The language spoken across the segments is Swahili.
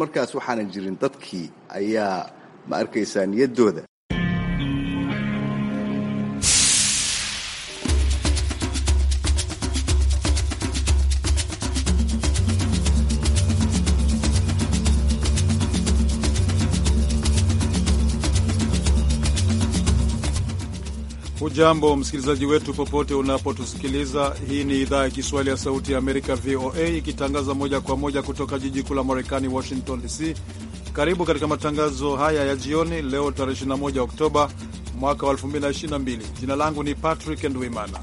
markaas waxaana jirin dadkii ayaa ma arkaysaa niyaddooda Hujambo msikilizaji wetu popote unapotusikiliza. Hii ni idhaa ya Kiswahili ya Sauti ya Amerika, VOA, ikitangaza moja kwa moja kutoka jiji kuu la Marekani, Washington DC. Karibu katika matangazo haya ya jioni leo tarehe 21 Oktoba mwaka wa 2022. Jina langu ni Patrick Ndwimana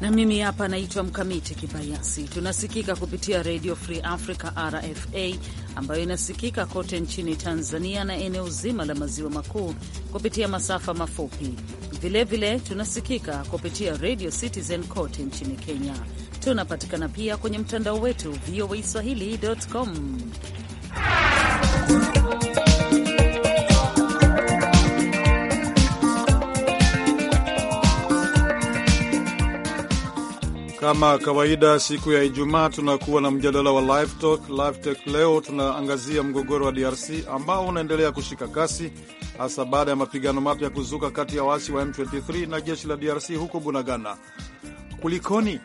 na mimi hapa naitwa Mkamiti Kibayasi. Tunasikika kupitia Radio Free Africa, RFA, ambayo inasikika kote nchini Tanzania na eneo zima la maziwa makuu kupitia masafa mafupi. Vilevile vile, tunasikika kupitia Radio Citizen kote nchini Kenya. Tunapatikana pia kwenye mtandao wetu voa swahili.com. Kama kawaida, siku ya Ijumaa tunakuwa na mjadala wa live talk. Live talk leo tunaangazia mgogoro wa DRC ambao unaendelea kushika kasi, hasa baada ya mapigano mapya kuzuka kati ya waasi wa M23 na jeshi la DRC huko Bunagana. Kulikoni?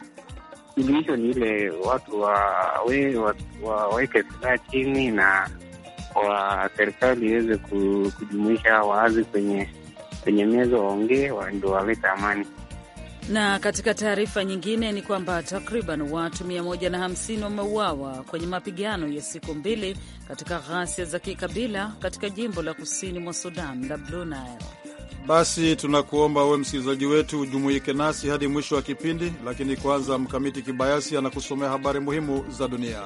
Suluhisho ni ile watu waweke wa, wa, wa silaha chini na wa serikali iweze kujumuisha waazi kwenye, kwenye meza, waongee ndio walete amani. Na katika taarifa nyingine ni kwamba takriban watu 150 wameuawa kwenye mapigano ya siku mbili katika ghasia za kikabila katika jimbo la kusini mwa Sudan la Blue Nile. Basi tunakuomba uwe msikilizaji wetu ujumuike nasi hadi mwisho wa kipindi, lakini kwanza Mkamiti Kibayasi anakusomea habari muhimu za dunia.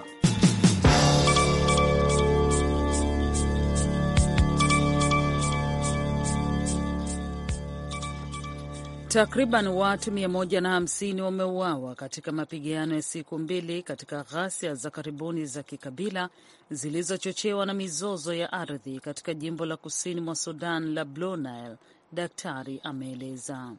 Takriban watu 150 wameuawa katika mapigano ya siku mbili katika ghasia za karibuni za kikabila zilizochochewa na mizozo ya ardhi katika jimbo la kusini mwa Sudan la Blue Nile, daktari ameeleza.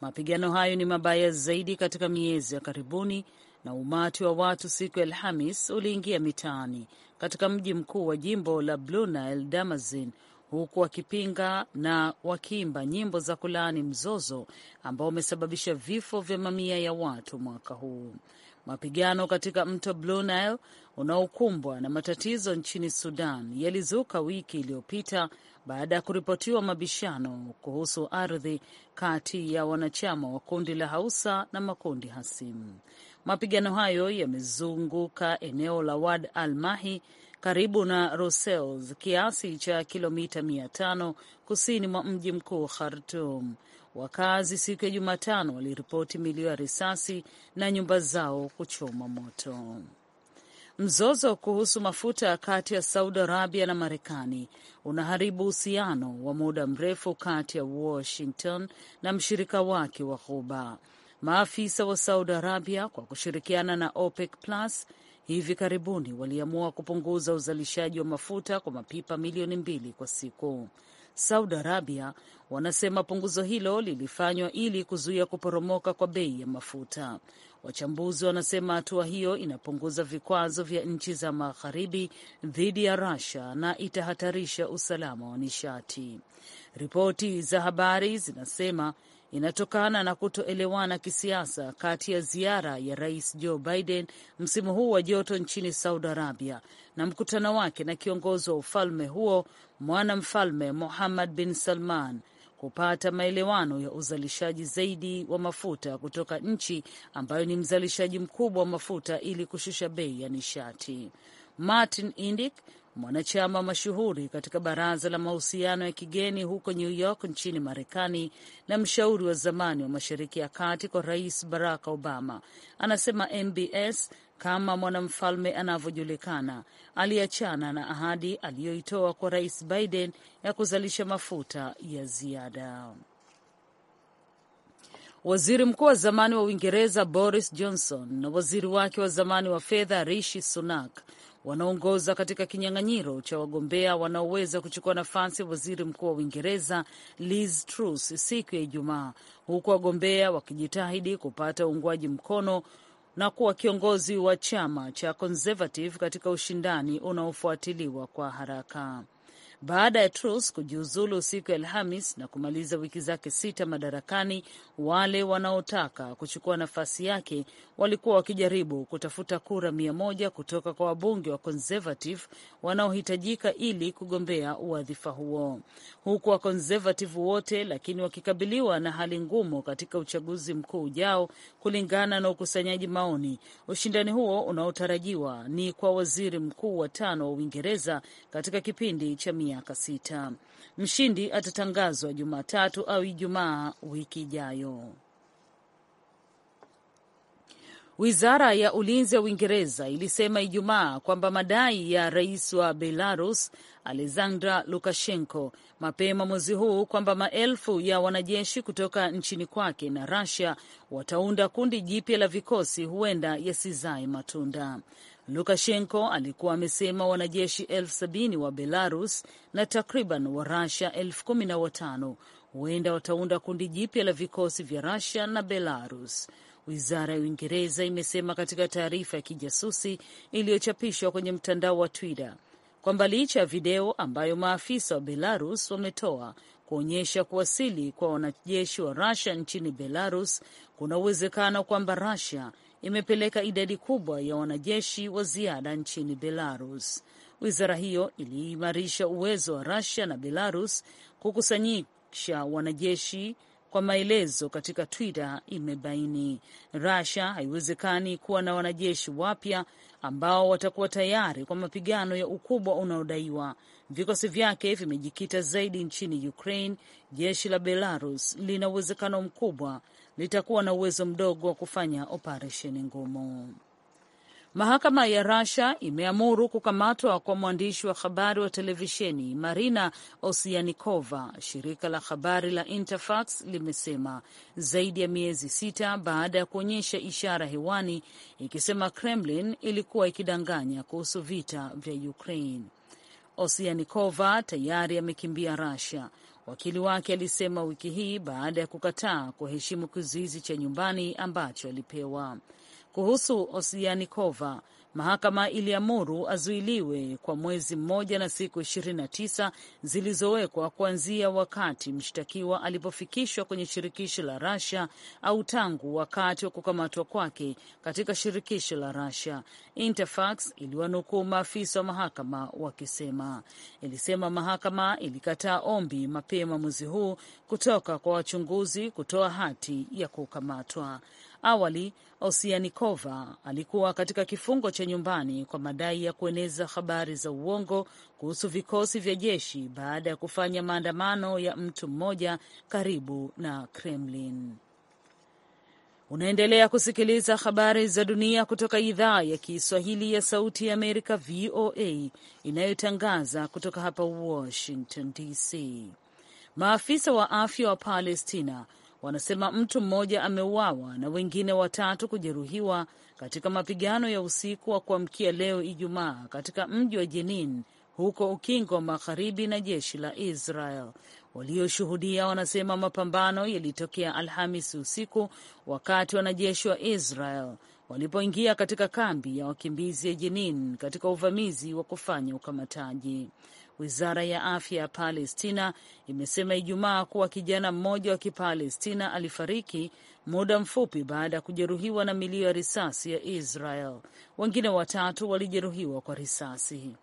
Mapigano hayo ni mabaya zaidi katika miezi ya karibuni, na umati wa watu siku ya Alhamis uliingia mitaani katika mji mkuu wa jimbo la Blue Nile, Damazin, huku wakipinga na wakiimba nyimbo za kulaani mzozo ambao umesababisha vifo vya mamia ya watu mwaka huu. Mapigano katika mto Blue Nile unaokumbwa na matatizo nchini Sudan yalizuka wiki iliyopita baada ya kuripotiwa mabishano kuhusu ardhi kati ya wanachama wa kundi la Hausa na makundi hasimu. Mapigano hayo yamezunguka eneo la Wad al Mahi karibu na Roseils, kiasi cha kilomita i5 kusini mwa mji mkuu Khartum. Wakazi siku ya Jumatano waliripoti milio ya risasi na nyumba zao kuchoma moto. Mzozo kuhusu mafuta kati ya Saudi Arabia na Marekani unaharibu uhusiano wa muda mrefu kati ya Washington na mshirika wake wa Ghuba. Maafisa wa Saudi Arabia kwa kushirikiana na OPEC Plus hivi karibuni waliamua kupunguza uzalishaji wa mafuta kwa mapipa milioni mbili kwa siku. Saudi Arabia wanasema punguzo hilo lilifanywa ili kuzuia kuporomoka kwa bei ya mafuta. Wachambuzi wanasema hatua hiyo inapunguza vikwazo vya nchi za magharibi dhidi ya Russia na itahatarisha usalama wa nishati. Ripoti za habari zinasema inatokana na kutoelewana kisiasa kati ya ziara ya Rais Joe Biden msimu huu wa joto nchini Saudi Arabia na mkutano wake na kiongozi wa ufalme huo mwanamfalme muhammad bin Salman kupata maelewano ya uzalishaji zaidi wa mafuta kutoka nchi ambayo ni mzalishaji mkubwa wa mafuta ili kushusha bei ya nishati. Martin Indyk, mwanachama mashuhuri katika baraza la mahusiano ya kigeni huko New York nchini Marekani na mshauri wa zamani wa Mashariki ya Kati kwa Rais Barack Obama, anasema MBS kama mwanamfalme anavyojulikana aliachana na ahadi aliyoitoa kwa Rais Biden ya kuzalisha mafuta ya ziada. Waziri mkuu wa zamani wa Uingereza Boris Johnson na waziri wake wa zamani wa fedha Rishi Sunak wanaongoza katika kinyang'anyiro cha wagombea wanaoweza kuchukua nafasi ya waziri mkuu wa Uingereza Liz Truss siku ya Ijumaa, huku wagombea wakijitahidi kupata uungwaji mkono na kuwa kiongozi wa chama cha Conservative katika ushindani unaofuatiliwa kwa haraka baada ya Truss kujiuzulu siku ya Alhamis na kumaliza wiki zake sita madarakani. Wale wanaotaka kuchukua nafasi yake walikuwa wakijaribu kutafuta kura mia moja kutoka kwa wabunge wa Conservative wanaohitajika ili kugombea uwadhifa huo, huku wa Conservative wote lakini wakikabiliwa na hali ngumu katika uchaguzi mkuu ujao. Kulingana na ukusanyaji maoni, ushindani huo unaotarajiwa ni kwa waziri mkuu wa tano wa Uingereza katika kipindi cha miaka sita. Mshindi atatangazwa Jumatatu au Ijumaa wiki ijayo. Wizara ya ulinzi ya Uingereza ilisema Ijumaa kwamba madai ya rais wa Belarus Alexandra Lukashenko mapema mwezi huu kwamba maelfu ya wanajeshi kutoka nchini kwake na rasia wataunda kundi jipya la vikosi huenda yasizae matunda. Lukashenko alikuwa amesema wanajeshi elfu sabini wa Belarus na takriban wa Rasia elfu kumi na watano huenda wataunda kundi jipya la vikosi vya Rasia na Belarus. Wizara ya Uingereza imesema katika taarifa ya kijasusi iliyochapishwa kwenye mtandao wa Twitter kwamba licha ya video ambayo maafisa wa Belarus wametoa kuonyesha kuwasili kwa wanajeshi wa Rasia nchini Belarus, kuna uwezekano kwamba Rasia imepeleka idadi kubwa ya wanajeshi wa ziada nchini Belarus. Wizara hiyo iliimarisha uwezo wa rasia na Belarus kukusanyisha wanajeshi kwa maelezo katika Twitter imebaini Russia haiwezekani kuwa na wanajeshi wapya ambao watakuwa tayari kwa mapigano ya ukubwa unaodaiwa. Vikosi vyake vimejikita zaidi nchini Ukraine. Jeshi la Belarus lina uwezekano mkubwa litakuwa na uwezo mdogo wa kufanya operesheni ngumu. Mahakama ya Russia imeamuru kukamatwa kwa mwandishi wa habari wa televisheni Marina Osianikova, shirika la habari la Interfax limesema zaidi ya miezi sita baada ya kuonyesha ishara hewani ikisema Kremlin ilikuwa ikidanganya kuhusu vita vya Ukraine. Osianikova tayari amekimbia Russia wakili wake alisema wiki hii baada ya kukataa kuheshimu kizuizi cha nyumbani ambacho alipewa. Kuhusu Osianikova, Mahakama iliamuru azuiliwe kwa mwezi mmoja na siku 29 zilizowekwa kuanzia wakati mshtakiwa alipofikishwa kwenye shirikisho la Russia au tangu wakati wa kukamatwa kwake katika shirikisho la Russia. Interfax iliwanukuu maafisa wa mahakama wakisema. Ilisema mahakama ilikataa ombi mapema mwezi huu kutoka kwa wachunguzi kutoa hati ya kukamatwa. Awali Osianikova alikuwa katika kifungo cha nyumbani kwa madai ya kueneza habari za uongo kuhusu vikosi vya jeshi baada ya kufanya maandamano ya mtu mmoja karibu na Kremlin. Unaendelea kusikiliza habari za dunia kutoka idhaa ya Kiswahili ya Sauti ya Amerika, VOA, inayotangaza kutoka hapa Washington DC. Maafisa wa afya wa Palestina wanasema mtu mmoja ameuawa na wengine watatu kujeruhiwa katika mapigano ya usiku wa kuamkia leo Ijumaa katika mji wa Jenin huko ukingo wa magharibi na jeshi la Israel. Walioshuhudia wanasema mapambano yalitokea Alhamisi usiku wakati wanajeshi wa Israel walipoingia katika kambi ya wakimbizi ya Jenin katika uvamizi wa kufanya ukamataji. Wizara ya afya ya Palestina imesema Ijumaa kuwa kijana mmoja wa Kipalestina alifariki muda mfupi baada ya kujeruhiwa na milio ya risasi ya Israel. Wengine watatu walijeruhiwa kwa risasi.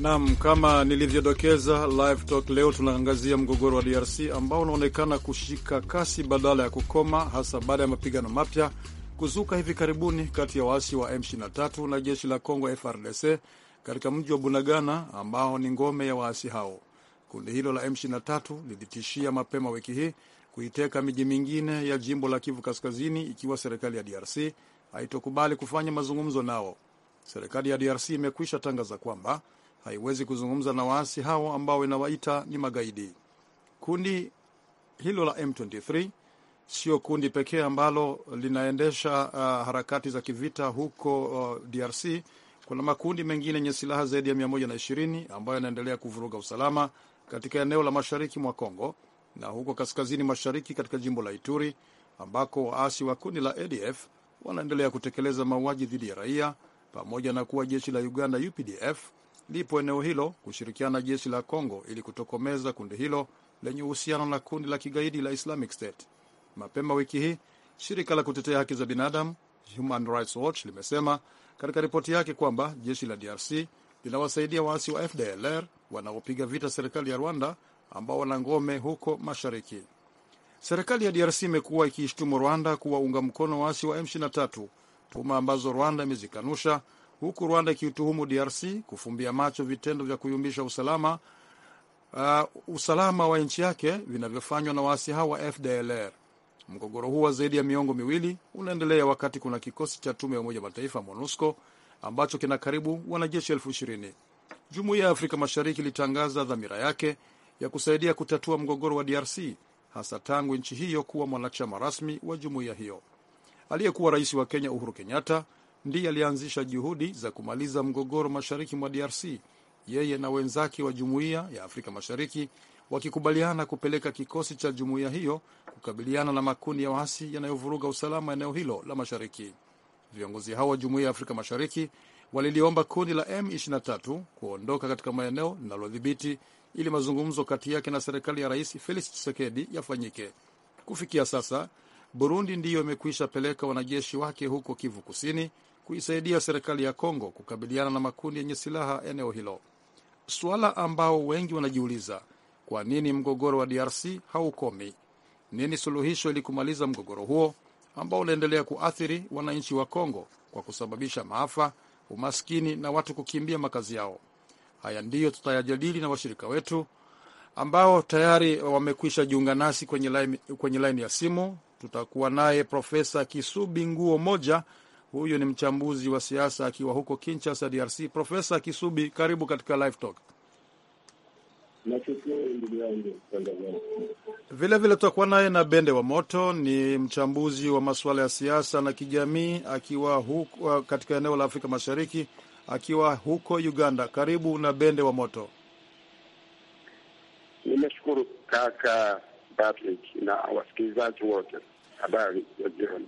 Naam, kama nilivyodokeza, Live Talk leo tunaangazia mgogoro wa DRC ambao unaonekana kushika kasi badala ya kukoma, hasa baada ya mapigano mapya kuzuka hivi karibuni kati ya waasi wa M23 na jeshi la congo frdc katika mji wa Bunagana ambao ni ngome ya waasi hao. Kundi hilo la M23 lilitishia mapema wiki hii kuiteka miji mingine ya jimbo la Kivu Kaskazini ikiwa serikali ya DRC haitokubali kufanya mazungumzo nao. Serikali ya DRC imekwisha tangaza kwamba haiwezi kuzungumza na waasi hao ambao inawaita ni magaidi. Kundi hilo la M23 sio kundi pekee ambalo linaendesha uh, harakati za kivita huko uh, DRC. Kuna makundi mengine yenye silaha zaidi ya 120 ambayo yanaendelea kuvuruga usalama katika eneo la mashariki mwa congo na huko kaskazini mashariki katika jimbo la Ituri ambako waasi wa kundi la ADF wanaendelea kutekeleza mauaji dhidi ya raia pamoja na kuwa jeshi la Uganda UPDF lipo eneo hilo kushirikiana na jeshi la congo ili kutokomeza kundi hilo lenye uhusiano na kundi la kigaidi la Islamic State. Mapema wiki hii shirika la kutetea haki za binadamu Human Rights Watch limesema katika ripoti yake kwamba jeshi la DRC linawasaidia waasi wa FDLR wanaopiga vita serikali ya Rwanda ambao wana ngome huko mashariki. Serikali ya DRC imekuwa ikiishtumu Rwanda kuwaunga mkono waasi wa M23, tuma ambazo Rwanda imezikanusha huku Rwanda ikiutuhumu DRC kufumbia macho vitendo vya kuyumbisha usalama, uh, usalama wa nchi yake vinavyofanywa na waasi hawa FDLR. Mgogoro huu wa zaidi ya miongo miwili unaendelea wakati kuna kikosi cha tume ya Umoja Mataifa MONUSCO ambacho kina karibu wanajeshi elfu ishirini. Jumuiya ya Afrika Mashariki ilitangaza dhamira yake ya kusaidia kutatua mgogoro wa DRC hasa tangu nchi hiyo kuwa mwanachama rasmi wa jumuiya hiyo. Aliyekuwa rais wa Kenya Uhuru Kenyatta ndiye alianzisha juhudi za kumaliza mgogoro mashariki mwa DRC, yeye na wenzake wa Jumuiya ya Afrika Mashariki wakikubaliana kupeleka kikosi cha jumuiya hiyo kukabiliana na makundi ya waasi yanayovuruga usalama eneo hilo la mashariki. Viongozi hao wa Jumuiya ya Afrika Mashariki waliliomba kundi la M23 kuondoka katika maeneo linalodhibiti ili mazungumzo kati yake na serikali ya Rais Felix Tshisekedi yafanyike. Kufikia sasa, Burundi ndiyo imekwisha peleka wanajeshi wake huko Kivu Kusini kuisaidia serikali ya Kongo kukabiliana na makundi yenye silaha eneo hilo, suala ambao wengi wanajiuliza kwa nini mgogoro wa DRC haukomi? Nini suluhisho ili kumaliza mgogoro huo ambao unaendelea kuathiri wananchi wa Kongo kwa kusababisha maafa, umaskini na watu kukimbia makazi yao? Haya ndiyo tutayajadili na washirika wetu ambao tayari wamekwisha jiunga nasi kwenye laini ya simu. Tutakuwa naye Profesa Kisubi Nguo Moja Huyu ni mchambuzi wa siasa akiwa huko Kinshasa, DRC. Profesa Kisubi, karibu katika Live Talk. Vile vile tutakuwa naye na Bende wa Moto, ni mchambuzi wa masuala ya siasa na kijamii, akiwa huko uh, katika eneo la Afrika Mashariki, akiwa huko Uganda. Karibu na Bende wa Moto. Nimeshukuru kaka Patrick na wasikilizaji wote, habari ya jioni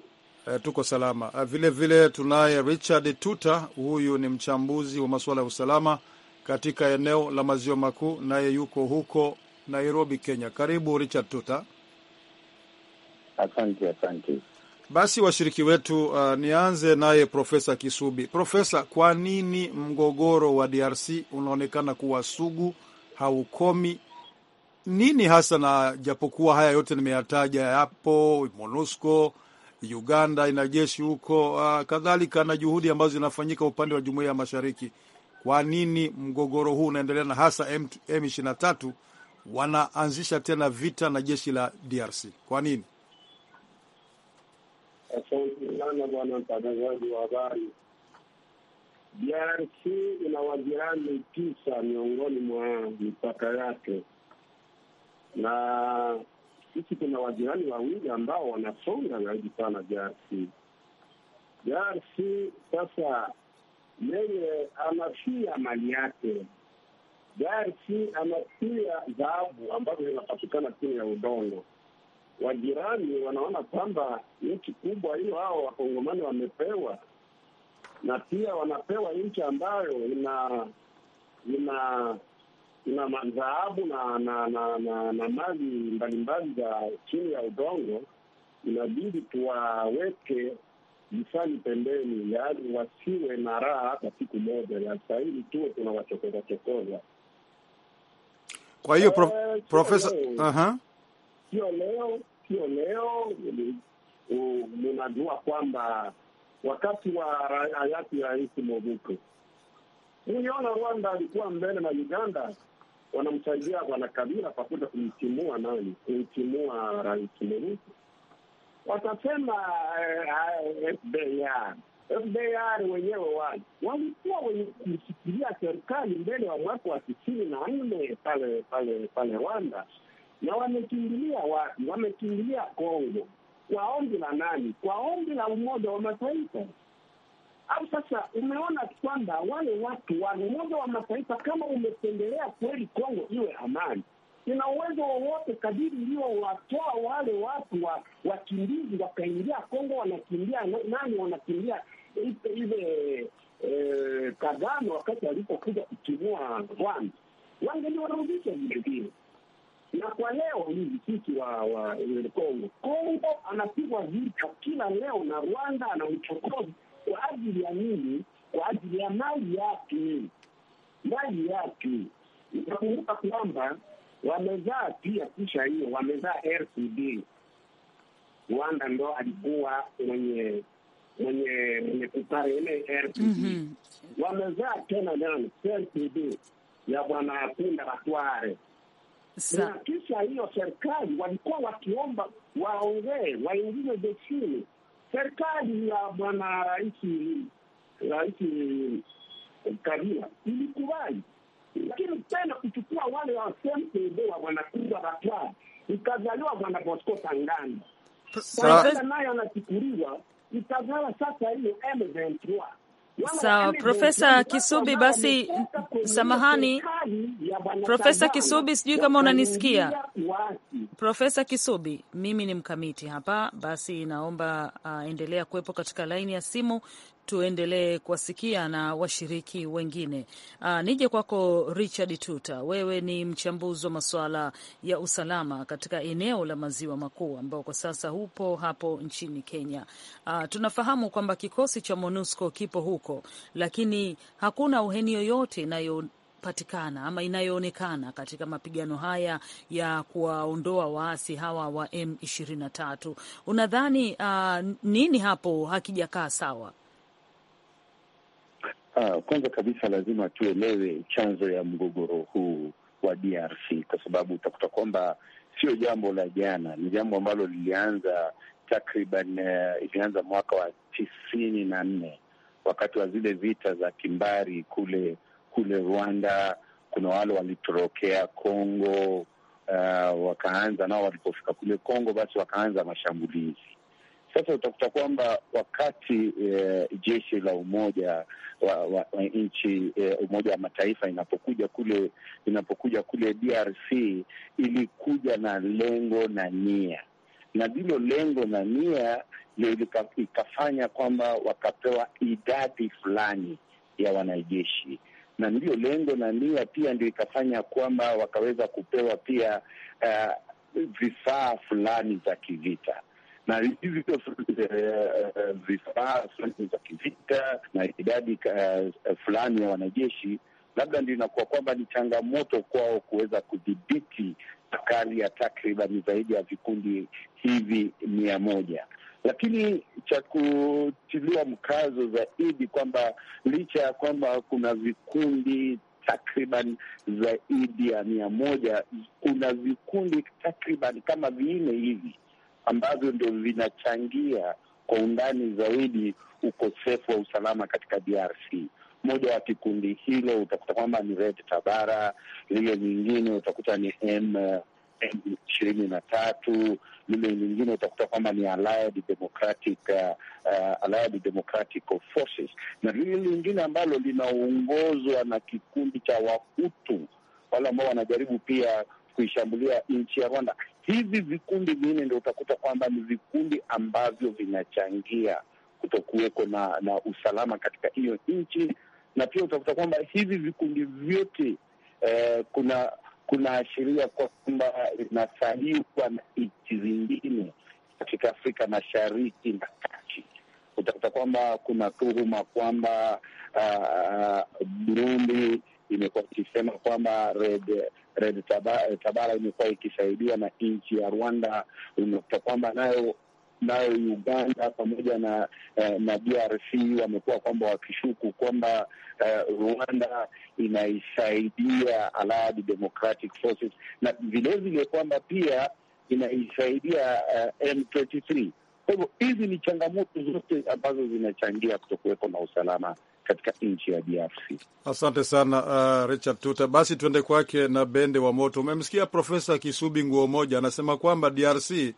uh, tuko salama. Uh, vile vile tunaye Richard Tuta, huyu ni mchambuzi wa masuala ya usalama katika eneo la maziwa makuu, naye yuko huko Nairobi, Kenya. Karibu Richard Tuta. Asante, asante. Basi washiriki wetu, uh, nianze naye Profesa Kisubi. Profesa, kwa nini mgogoro wa DRC unaonekana kuwa sugu, haukomi? Nini hasa na japokuwa haya yote nimeyataja, yapo MONUSCO Uganda ina jeshi huko, uh, kadhalika na juhudi ambazo zinafanyika upande wa jumuiya ya mashariki. Kwa nini mgogoro huu unaendelea, na hasa M23 wanaanzisha tena vita na jeshi la DRC kwa nini? Asante sana bwana mtangazaji wa habari. DRC ina wajirani tisa miongoni mwa mipaka yake na sisi tuna wajirani wawili ambao wanasonga zaidi sana DRC. DRC sasa yeye anafia mali yake. DRC anafia dhahabu ambazo zinapatikana chini ya udongo. Wajirani wanaona kwamba nchi kubwa hiyo hao wakongomani wamepewa, na pia wanapewa nchi ambayo ina ina na madhahabu na na, na, na, na mali mbalimbali za chini ya udongo, inabidi tuwaweke jisani pembeni, yaani wasiwe na raha hata siku moja, na sahili tuwe wachokoza chokoza. Kwa hiyo eh, profesa, sio leo, sio leo munajua kwamba wakati wa hayati Rais Mobutu uliona Rwanda alikuwa mbele na Uganda wanamsaidia Bwana Kabila kwa kuja kumtimua nani, kumtimua rais Mobutu. Watasema eh, eh, FDR FDR wenyewe wali walikuwa wenye kushikilia serikali mbele wa mwaka wa tisini na nne pale pale pale Rwanda, na wamekimbilia wapi? wamekimbilia Kongo kwa ombi la nani? Kwa ombi la Umoja wa Mataifa au sasa umeona kwamba wale watu wa Umoja wa Mataifa, kama umependelea kweli Kongo iwe amani, ina uwezo wowote kadiri watoa wale watu wa wakimbizi wakaingia Kongo, wanakimbia nani? Wanakimbia ile e, Kagame wakati alipokuja kutimua Rwanda, wangeliwarudisha vilevile. Na kwa leo hivi sisi wa, wa Kongo Kongo anapigwa vita kila leo na Rwanda ana uchokozi kwa ajili ya nini? Kwa ajili ya mali yake, mali yake. Utakumbuka kwamba wamezaa pia, kisha hiyo wamezaa RCD Rwanda, ndo alikuwa mwenye mwenye mwenye kupare ile RCD mm -hmm. wamezaa tena nani RCD ya bwana Kunda Batware na kisha hiyo serikali walikuwa wakiomba waongee waingize jeshini serikali ya bwana rais rais Kabila ilikubali, lakini tena kuchukua wale wa SMPD wa bwana Kuba ikazaliwa bwana Bosco Tangana Tangana naye anachukuliwa ikazala sasa hiyo M23 Sawa, Profesa Kisubi, basi samahani, Profesa Kisubi, sijui kama unanisikia. Profesa Kisubi, mimi ni mkamiti hapa, basi naomba uh, endelea kuwepo katika laini ya simu tuendelee kuwasikia na washiriki wengine. Uh, nije kwako Richard Tuta, wewe ni mchambuzi wa masuala ya usalama katika eneo la maziwa makuu ambao kwa sasa hupo hapo nchini Kenya. Uh, tunafahamu kwamba kikosi cha MONUSCO kipo huko, lakini hakuna uheni yoyote inayo patikana ama inayoonekana katika mapigano haya ya kuwaondoa waasi hawa wa M23. Unadhani uh, nini hapo hakijakaa sawa? Uh, kwanza kabisa lazima tuelewe chanzo ya mgogoro huu wa DRC kwa sababu utakuta kwamba sio jambo la jana, ni jambo ambalo lilianza takriban, uh, ilianza mwaka wa tisini na nne wakati wa zile vita za kimbari kule kule Rwanda. Kuna wale walitorokea Kongo, uh, wakaanza nao, walipofika kule Kongo basi wakaanza mashambulizi sasa utakuta kwamba wakati eh, jeshi la umoja wa, wa, wa nchi eh, Umoja wa Mataifa inapokuja kule inapokuja kule DRC ilikuja na lengo na nia, na ndilo lengo na nia ndio ikafanya kwamba wakapewa idadi fulani ya wanajeshi na ndiyo lengo na nia pia ndio ikafanya kwamba wakaweza kupewa pia uh, vifaa fulani za kivita na hizi pia eh, vifaa fulani za kivita na idadi eh, fulani ya wanajeshi, labda ndio inakuwa kwamba ni changamoto kwao kuweza kudhibiti akali ya takriban zaidi ya vikundi hivi mia moja lakini cha kutiliwa mkazo zaidi kwamba licha ya kwamba kuna vikundi takriban zaidi ya mia moja kuna vikundi takriban kama vinne hivi ambavyo ndio vinachangia kwa undani zaidi ukosefu wa usalama katika DRC. Moja ya kikundi hilo utakuta kwamba ni Red Tabara, lile nyingine utakuta ni M ishirini na tatu, lile nyingine utakuta kwamba ni Allied Democratic, uh, Allied Democratic Forces, na lile lingine ambalo linaongozwa na kikundi cha Wahutu wale ambao wanajaribu pia kuishambulia nchi ya Rwanda hivi vikundi vinne ndio utakuta kwamba ni vikundi ambavyo vinachangia kutokuweko na, na usalama katika hiyo nchi, na pia utakuta kwamba hivi vikundi vyote eh, kuna kuna ashiria kwamba inasaliwa na nchi zingine katika Afrika Mashariki na Kati. Utakuta kwamba kuna tuhuma kwamba uh, Burundi imekuwa ikisema kwamba red Red Tabara eh, imekuwa ikisaidia na nchi ya Rwanda. Unakuta kwamba nayo nayo Uganda pamoja na eh, na DRC wamekuwa kwamba wakishuku kwamba eh, Rwanda inaisaidia Allied Democratic Forces na vilevile kwamba pia inaisaidia eh, M23. Kwa hivyo hizi ni changamoto zote ambazo zinachangia kutokuweko na usalama katika nchi ya DRC. Asante sana uh, Richard Tute. Basi tuende kwake na Bende wa Moto. Umemsikia Profesa Kisubi Nguo Moja anasema kwamba DRC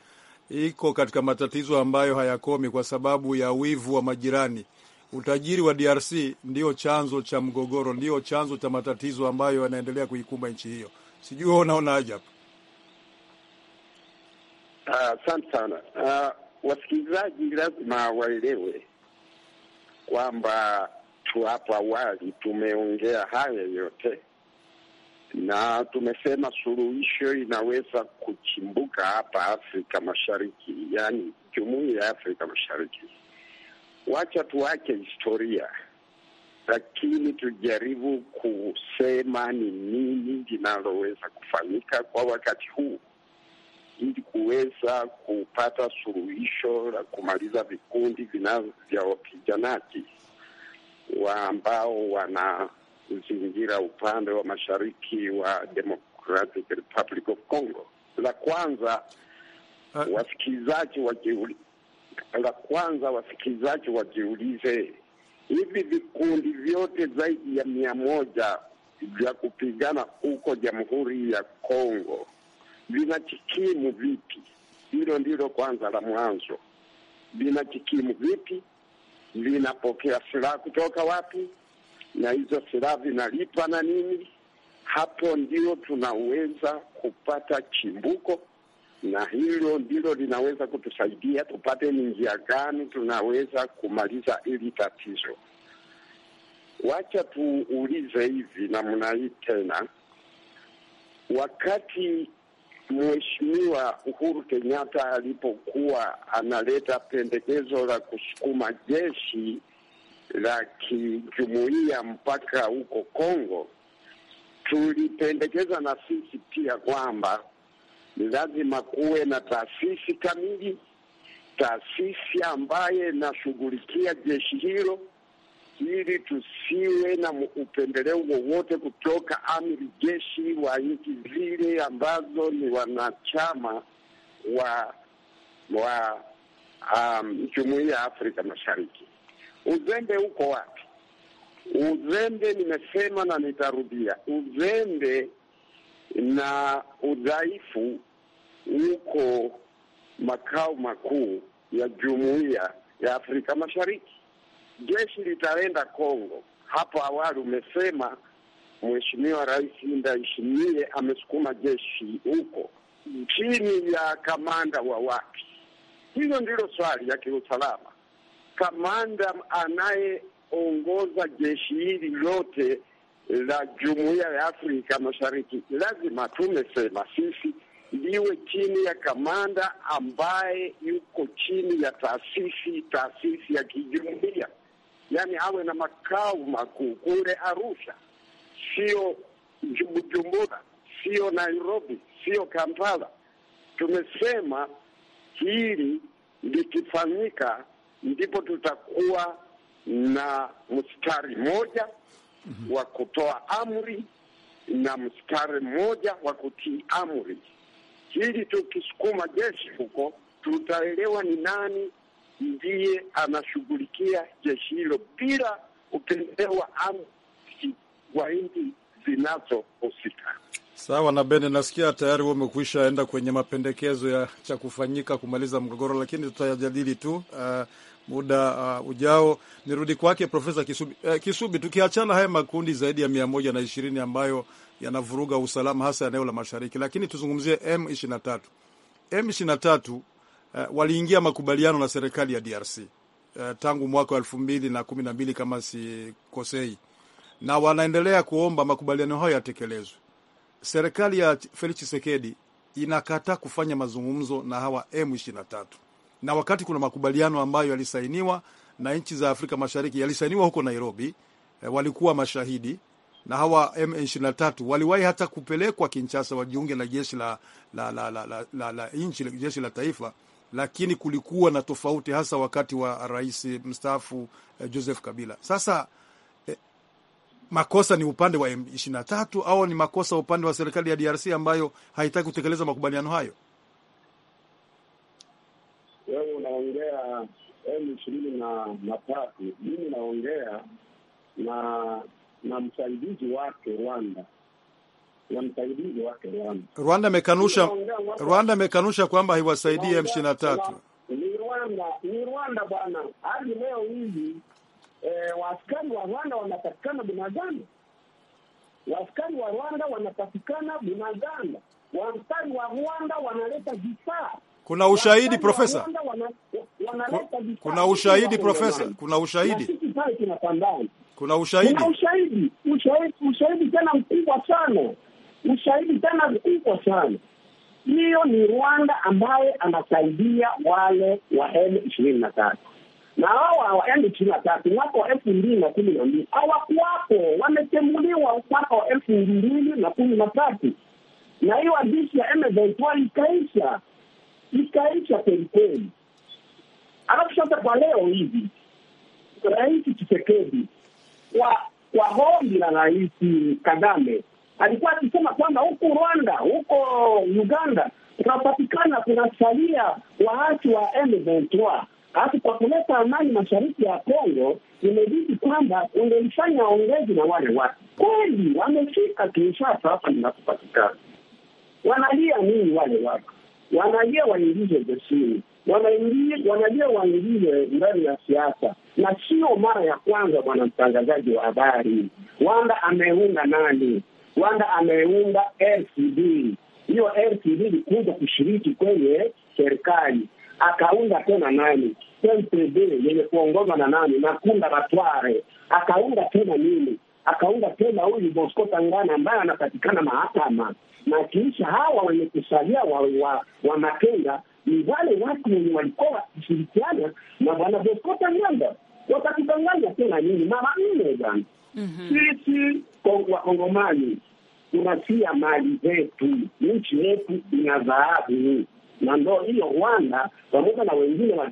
iko katika matatizo ambayo hayakomi kwa sababu ya wivu wa majirani. Utajiri wa DRC ndio chanzo cha mgogoro, ndio chanzo cha matatizo ambayo yanaendelea kuikumba nchi hiyo. Sijui wewe unaona aje hapo? Asante uh, sana uh, wasikilizaji lazima waelewe kwamba tu hapo awali tumeongea haya yote na tumesema suluhisho inaweza kuchimbuka hapa Afrika Mashariki, yaani jumuiya ya Afrika Mashariki. Wacha tuache historia, lakini tujaribu kusema ni nini linaloweza kufanyika kwa wakati huu ili kuweza kupata suluhisho la kumaliza vikundi vya wapiganaji wa ambao wanazingira upande wa mashariki wa Democratic Republic of Congo. La kwanza ah. wasikilizaji wajiulize, la kwanza wasikilizaji wajiulize, hivi vikundi vyote zaidi ya mia moja vya kupigana huko Jamhuri ya Kongo vinajikimu vipi? Hilo ndilo kwanza la mwanzo, vinajikimu vipi? linapokea silaha kutoka wapi, na hizo silaha vinalipa na nini. Hapo ndio tunaweza kupata chimbuko, na hilo ndilo linaweza kutusaidia tupate ni njia gani tunaweza kumaliza hili tatizo. Wacha tuulize hivi namna hii tena, wakati Mheshimiwa Uhuru Kenyatta alipokuwa analeta pendekezo la kusukuma jeshi la kijumuiya mpaka huko Kongo, tulipendekeza na sisi pia kwamba ni lazima kuwe na taasisi kamili, taasisi ambaye inashughulikia jeshi hilo ili tusiwe na upendeleo wowote kutoka amiri jeshi wa nchi zile ambazo ni wanachama wa wa um, jumuiya ya Afrika Mashariki. Uzembe uko wapi? Uzembe nimesema na nitarudia, uzembe na udhaifu uko makao makuu ya jumuiya ya Afrika Mashariki jeshi litaenda Kongo. Hapo awali umesema Mheshimiwa Rais Ndayishimiye amesukuma jeshi huko chini ya kamanda wa wapi? Hilo ndilo swali ya kiusalama. Kamanda anayeongoza jeshi hili lote la Jumuiya ya Afrika Mashariki lazima, tumesema sisi, liwe chini ya kamanda ambaye yuko chini ya taasisi taasisi ya kijumuiya yani awe na makao makuu kule Arusha, sio Bujumbura, sio Nairobi, sio Kampala. Tumesema hili likifanyika, ndipo tutakuwa na mstari mmoja mhm. wa kutoa amri na mstari mmoja wa kutii amri. Hili tukisukuma jeshi huko, tutaelewa ni nani ndiye anashughulikia jeshi hilo bila upendeleo amri wa nchi zinazohusika. Sawa na Bende, nasikia tayari huo umekwisha enda kwenye mapendekezo ya cha kufanyika kumaliza mgogoro, lakini tutayajadili tu uh, muda uh, ujao. Nirudi kwake Profesa Kisubi. Uh, Kisubi, tukiachana haya makundi zaidi ya mia moja na ishirini ambayo yanavuruga usalama hasa eneo la mashariki, lakini tuzungumzie M ishirini na tatu. M ishirini na tatu uh, waliingia makubaliano na serikali ya DRC uh, eh, tangu mwaka wa elfu mbili na kumi na mbili kama sikosei, na wanaendelea kuomba makubaliano hayo yatekelezwe. Serikali ya Felix Tshisekedi inakataa kufanya mazungumzo na hawa M23 na wakati kuna makubaliano ambayo yalisainiwa na nchi za Afrika Mashariki, yalisainiwa huko Nairobi, eh, walikuwa mashahidi na hawa M23 waliwahi hata kupelekwa Kinshasa wajiunge na jeshi la, la, la, la, la, la, la nchi jeshi la taifa, lakini kulikuwa na tofauti, hasa wakati wa rais mstaafu eh, Joseph Kabila. Sasa eh, makosa ni upande wa M23 au ni makosa upande wa serikali ya DRC ambayo haitaki kutekeleza makubaliano hayo? Wewe unaongea M ishirini na tatu, mimi naongea na na msaidizi wake Rwanda ya msaidizi wake Rwanda. Rwanda imekanusha Rwanda imekanusha kwamba haiwasaidii M ishirini na tatu. Ni Rwanda, ni Rwanda bwana. Hadi leo hivi eh, waaskari wa Rwanda wanapatikana binadamu, waskari wa Rwanda wanapatikana binadamu, waskari wa Rwanda wanaleta vifaa kuna ushahidi profesa, kuna ushahidi profesa, kuna ushahidi, kuna ushahidi, ushahidi tena mkubwa sana ushahidi tena mkubwa sana. Hiyo ni Rwanda ambaye anasaidia wale wa M ishirini na tatu na hawa wa M ishirini na tatu mwaka wa elfu mbili na kumi na mbili hawakuwapo, wametemuliwa mwaka wa elfu mbili na kumi na tatu na hiyo adisi ya M23 ikaisha, ikaisha kwelikweli. Alafu sasa kwa leo hivi Rais chisekedi kwa kwa hombi la Rais Kagame alikuwa akisema kwamba huku Rwanda, huko Uganda kunapatikana kunasalia waasi wa M23. Hasa kwa kuleta amani mashariki ya Kongo, imebidi kwamba ungelifanya ongezi na wale watu kweli wamefika Kinshasa. Hapa ninakupatikana wanalia nini? Wale watu wanalia waingize jeshini, wanalia waingize ndani ya siasa, na sio mara ya kwanza, bwana mtangazaji wa habari. Rwanda ameunga nani? Rwanda ameunda RCD. Hiyo RCD ilikuja kushiriki kwenye serikali, akaunda tena nani CNPD yenye kuongozwa na nani na Kunda Batware, akaunda tena nini, akaunda tena huyu Bosco Tangana ambaye anapatikana mahakama, na kisha hawa wenye kusalia wa, wa, wa Makenga ni wale watu wenye walikuwa wakishirikiana na bwana Bosco Tangana, watakutanganya tena nini mara nne bwana mhm. sisi Wakongomani tunatia mali zetu, nchi yetu ina dhahabu, na ndo hiyo Rwanda pamoja na wengine wa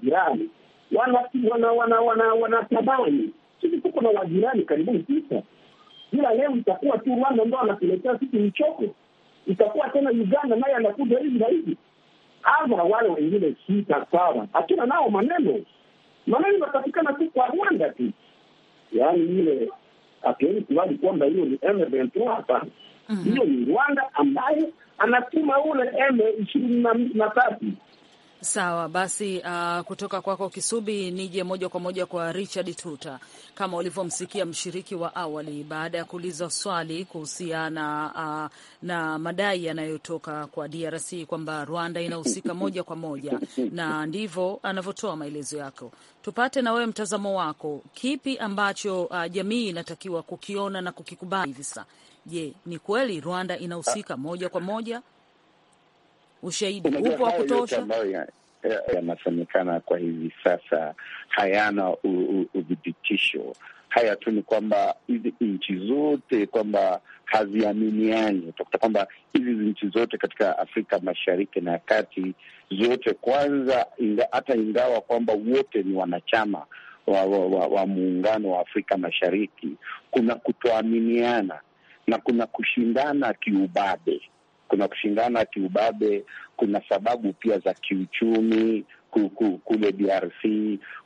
wana wana wana Sisi tuko na wajirani karibu tisa, ila leo itakuwa tu Rwanda ndo anatuletea sisi michoko, itakuwa tena Uganda naye anakuja hivi na hivi ama wale wengine sita saba, hatuna nao maneno. Maneno inapatikana tu kwa Rwanda tu, yaani ile hatuwezi kubali kwamba hiyo ni M23. hapa. Mhm. hiyo ni Rwanda ambaye anatuma ule M ishirini na tatu Sawa basi, uh, kutoka kwako Kisubi nije moja kwa moja kwa Richard Tuta. Kama ulivyomsikia mshiriki wa awali, baada ya kuuliza swali kuhusiana uh, na madai yanayotoka kwa DRC kwamba Rwanda inahusika moja kwa moja, na ndivyo anavyotoa maelezo yako. Tupate na wewe mtazamo wako, kipi ambacho uh, jamii inatakiwa kukiona na kukikubali hivi sasa? Je, ni kweli Rwanda inahusika moja kwa moja ushahidi upo wa kutosha yanafanyikana ya kwa hivi sasa hayana uthibitisho. Haya tu ni kwamba hizi nchi zote kwamba haziaminiani. Utakuta kwamba hizi nchi zote katika Afrika Mashariki na Kati zote kwanza, hata ingawa kwamba wote ni wanachama wa, wa, wa, wa muungano wa Afrika Mashariki, kuna kutoaminiana na kuna kushindana kiubabe kuna kushindana kiubabe, kuna sababu pia za kiuchumi kule DRC,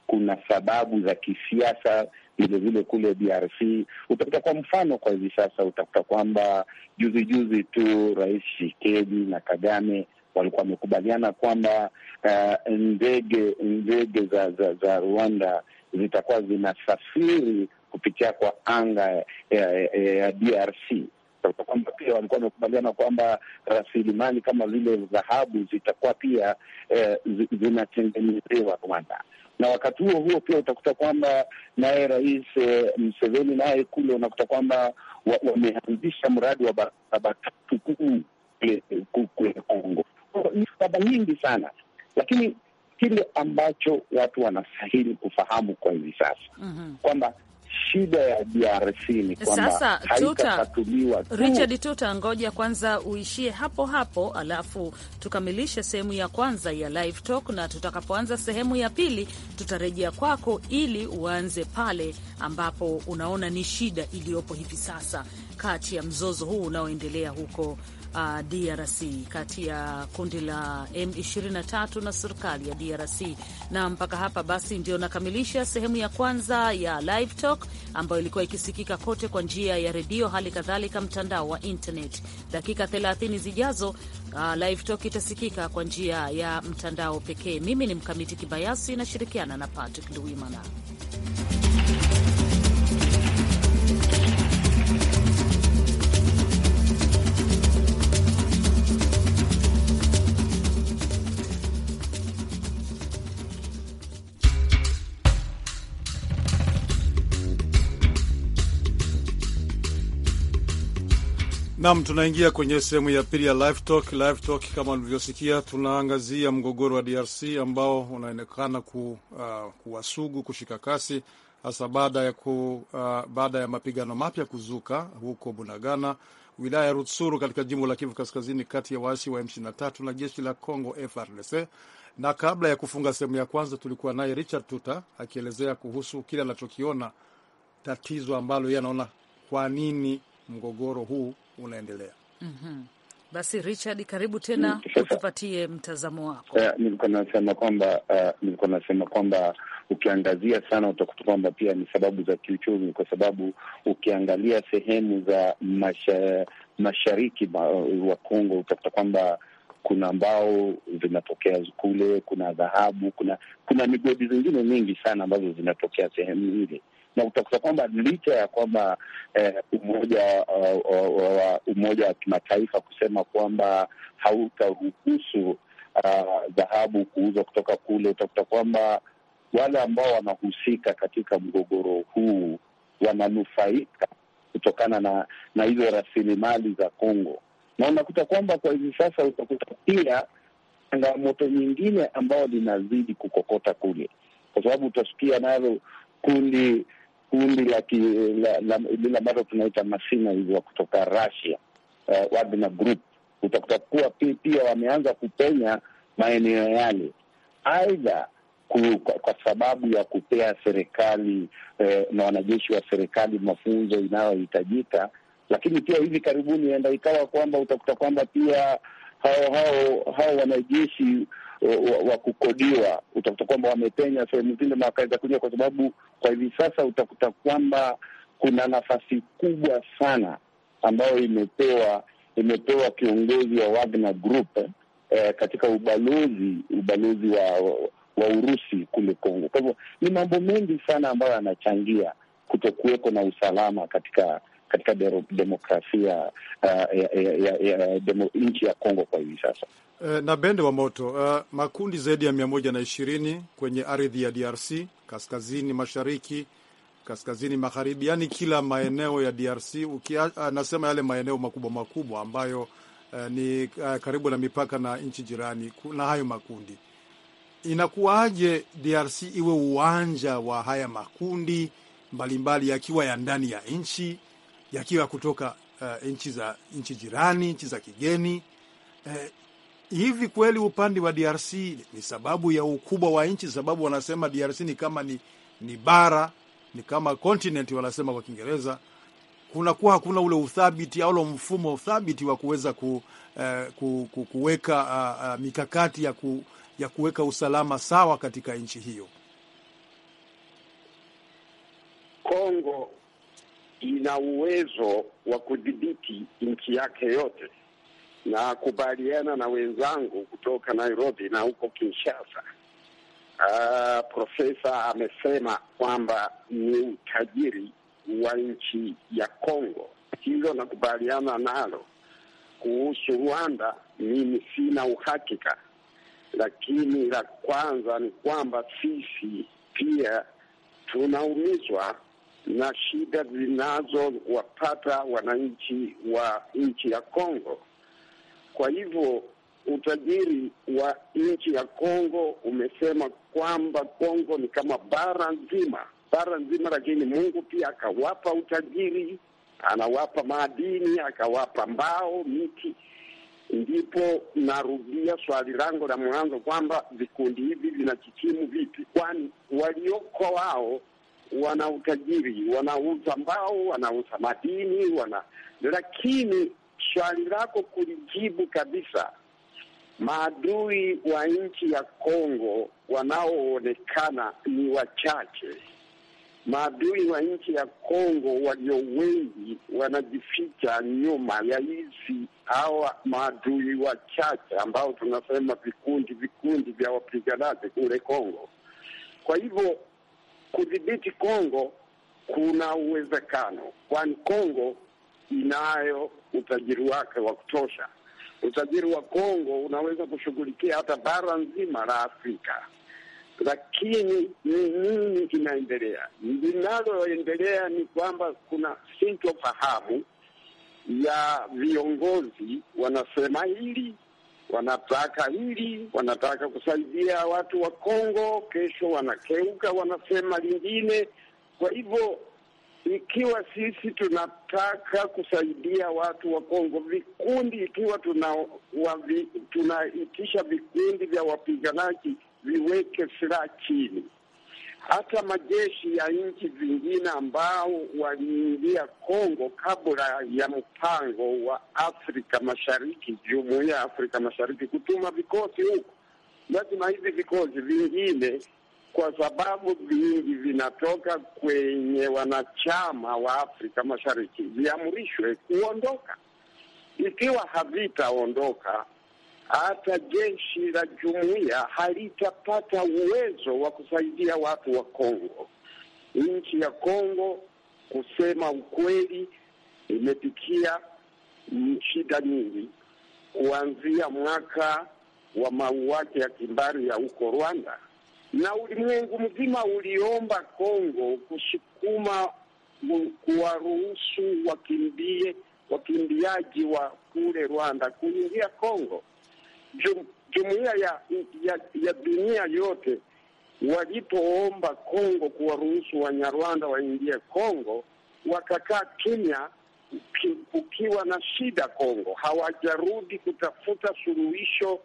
kuna sababu za kisiasa vilevile kule DRC. Utakuta kwa mfano, kwa hivi sasa utakuta kwamba juzi juzi tu Rais Tshisekedi na Kagame walikuwa wamekubaliana kwamba uh, ndege ndege za, za, za Rwanda zitakuwa zinasafiri kupitia kwa anga ya, ya, ya DRC kwa kwamba pia walikuwa wamekubaliana kwamba rasilimali kama vile dhahabu zitakuwa pia eh, zinatengenezewa Rwanda na wakati huo huo pia utakuta kwamba naye Rais eh, Mseveni naye kule unakuta kwamba wameanzisha mradi wa baraba tatu kuu kule Kongo. Ni saba nyingi sana, lakini kile ambacho watu wanastahili kufahamu kwa hivi sasa mm -hmm. kwamba shida ya DRC ni kwamba haitatatuliwa tu. Richard Tuta, ngoja kwanza uishie hapo hapo, alafu tukamilishe sehemu ya kwanza ya Live Talk, na tutakapoanza sehemu ya pili tutarejea kwako ili uanze pale ambapo unaona ni shida iliyopo hivi sasa kati ya mzozo huu unaoendelea huko uh, DRC kati ya kundi la M23 na serikali ya DRC. Na mpaka hapa basi ndio nakamilisha sehemu ya kwanza ya Live Talk ambayo ilikuwa ikisikika kote kwa njia ya redio, hali kadhalika mtandao wa internet. Dakika 30 zijazo, uh, Live Talk itasikika kwa njia ya mtandao pekee. Mimi ni Mkamiti Kibayasi, nashirikiana na Patrick Nduwimana. Nam, tunaingia kwenye sehemu ya pili ya live talk. Live talk kama ulivyosikia, tunaangazia mgogoro wa DRC ambao unaonekana ku, uh, kuwasugu kushika kasi hasa baada ya, ku, uh, baada ya mapigano mapya kuzuka huko Bunagana, wilaya ya Rutsuru katika jimbo la Kivu Kaskazini, kati ya waasi wa M23 na jeshi la Congo frdc Na kabla ya kufunga sehemu ya kwanza, tulikuwa naye Richard Tuta akielezea kuhusu kile anachokiona tatizo ambalo yeye anaona kwa nini mgogoro huu unaendelea. mm -hmm. Basi Richard, karibu tena mm, utupatie mtazamo wako. Uh, nilikuwa nasema kwamba uh, nilikuwa nasema kwamba ukiangazia sana utakuta kwamba pia ni sababu za kiuchumi, kwa sababu ukiangalia sehemu za masha, mashariki wa Kongo utakuta kwamba kuna mbao zinatokea kule, kuna dhahabu, kuna kuna migodi zingine mingi sana ambazo zinatokea sehemu ile na utakuta kwamba licha ya kwamba eh, umoja eh, wa uh, umoja wa kimataifa kusema kwamba hautaruhusu ah, dhahabu uh, kuuzwa kutoka kule, utakuta kwamba wale ambao wanahusika katika mgogoro huu wananufaika kutokana na na hizo rasilimali za Kongo, na unakuta kwamba kwa hivi sasa utakuta pia changamoto nyingine ambayo linazidi kukokota kule, kwa sababu utasikia nalo kundi kundi lile ambalo tunaita masina hivyo kutoka Russia, uh, Wagner Group, utakuta kuwa pia wameanza kupenya maeneo yale, aidha kwa sababu ya kupea serikali eh, na wanajeshi wa serikali mafunzo inayohitajika. Lakini pia hivi karibuni enda ikawa kwamba utakuta kwamba pia hao hao hao wanajeshi wa, wa kukodiwa, utakuta kwamba wamepenya sehemu zile na wakaweza kuja, kwa sababu kwa hivi sasa utakuta kwamba kuna nafasi kubwa sana ambayo imepewa imepewa kiongozi wa Wagner Group eh, katika ubalozi ubalozi wa, wa Urusi kule Kongo. Kwa hivyo ni mambo mengi sana ambayo yanachangia kutokuweko na usalama katika katika demokrasia uh, ya, ya, ya, ya, demo, nchi ya Kongo kwa hivi sasa. E, na Bende wa Moto, uh, makundi zaidi ya mia moja na ishirini kwenye ardhi ya DRC kaskazini mashariki, kaskazini magharibi, yaani kila maeneo ya DRC ukia, uh, nasema yale maeneo makubwa makubwa ambayo Uh, ni uh, karibu na mipaka na nchi jirani na hayo makundi. Inakuwaje DRC iwe uwanja wa haya makundi mbalimbali yakiwa ya ndani ya nchi? yakiwa kutoka uh, nchi za nchi jirani, nchi za kigeni eh, hivi kweli upande wa DRC ni sababu ya ukubwa wa nchi, sababu wanasema DRC ni kama ni, ni bara ni kama continent wanasema kwa Kiingereza, kunakuwa hakuna ule uthabiti au mfumo uthabiti wa kuweza ku, eh, ku, ku, kuweka uh, uh, mikakati ya, ku, ya kuweka usalama sawa katika nchi hiyo. Kongo ina uwezo wa kudhibiti nchi yake yote. Nakubaliana na wenzangu kutoka Nairobi na huko Kinshasa. Uh, profesa amesema kwamba ni utajiri wa nchi ya Kongo, hilo nakubaliana nalo. Kuhusu Rwanda, mimi sina uhakika, lakini la kwanza ni kwamba sisi pia tunaumizwa na shida zinazowapata wananchi wa nchi ya Kongo. Kwa hivyo utajiri wa nchi ya Kongo umesema kwamba Kongo ni kama bara nzima, bara nzima, lakini Mungu pia akawapa utajiri, anawapa madini, akawapa mbao, miti. Ndipo narudia swali langu la mwanzo kwamba vikundi hivi vinajikimu vipi? Kwani walioko wao wana utajiri, wanauza mbao, wanauza madini, wana lakini swali lako kulijibu kabisa, maadui wa nchi ya Kongo wanaoonekana ni wachache. Maadui wa nchi ya Kongo walio wengi wanajificha nyuma ya hizi hawa maadui wachache ambao tunasema vikundi vikundi vya wapiganaji kule Kongo. Kwa hivyo kudhibiti Kongo kuna uwezekano, kwani Kongo inayo utajiri wake wa kutosha. Utajiri wa Kongo unaweza kushughulikia hata bara nzima la Afrika. Lakini ni nini kinaendelea? Linaloendelea ni kwamba kuna sintofahamu ya viongozi, wanasema hili wanataka hili, wanataka kusaidia watu wa Kongo, kesho wanakeuka wanasema lingine. Kwa hivyo ikiwa sisi tunataka kusaidia watu wa Kongo vikundi, ikiwa tuna, tunaitisha vikundi vya wapiganaji viweke silaha chini, hata majeshi ya nchi zingine ambao waliingia Kongo kabla ya mpango wa Afrika Mashariki, jumuiya ya Afrika Mashariki kutuma vikosi huko, lazima hivi vikosi vingine, kwa sababu vingi vinatoka kwenye wanachama wa Afrika Mashariki, viamrishwe kuondoka. Ikiwa havitaondoka hata jeshi la jumuiya halitapata uwezo wa kusaidia watu wa Kongo. Nchi ya Kongo, kusema ukweli, imepitia shida nyingi, kuanzia mwaka wa mauaji ya kimbari ya huko Rwanda, na ulimwengu mzima uliomba Kongo kusukuma kuwaruhusu wakimbie wakimbiaji wa kule Rwanda kuingia Kongo jumuiya ya, ya, ya dunia yote walipoomba Kongo kuwaruhusu Wanyarwanda waingie Kongo, wakakaa kimya kukiwa na shida Kongo. Hawajarudi kutafuta suluhisho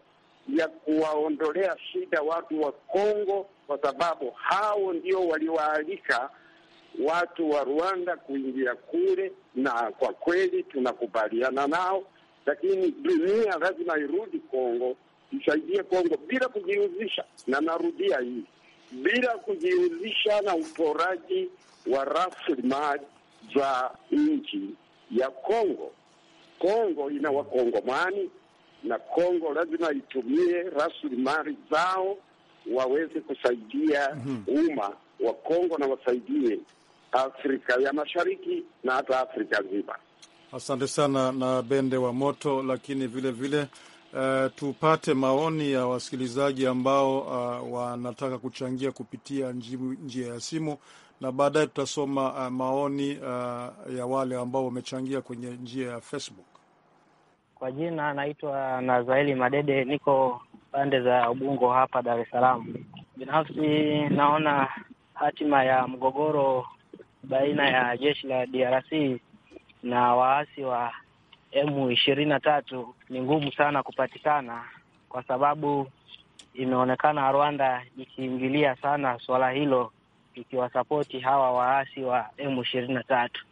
ya kuwaondolea shida watu wa Kongo, kwa sababu hao ndio waliwaalika watu wa Rwanda kuingia kule, na kwa kweli tunakubaliana nao lakini dunia lazima irudi Kongo, isaidie Kongo bila kujihusisha, na narudia hii, bila kujihusisha na uporaji wa rasilimali za nchi ya Kongo. Kongo ina Wakongomani na Kongo lazima itumie rasilimali zao waweze kusaidia mhm. umma wa Kongo na wasaidie Afrika ya Mashariki na hata Afrika nzima. Asante sana na Bende wa Moto, lakini vilevile vile, uh, tupate maoni ya wasikilizaji ambao uh, wanataka kuchangia kupitia njia ya simu na baadaye tutasoma uh, maoni uh, ya wale ambao wamechangia kwenye njia ya Facebook. Kwa jina naitwa Nazaeli Madede, niko pande za Ubungo hapa Dar es Salaam. Binafsi naona hatima ya mgogoro baina ya jeshi la DRC na waasi wa M ishirini na tatu ni ngumu sana kupatikana, kwa sababu imeonekana Rwanda ikiingilia sana suala hilo ikiwasapoti hawa waasi wa M ishirini na tatu.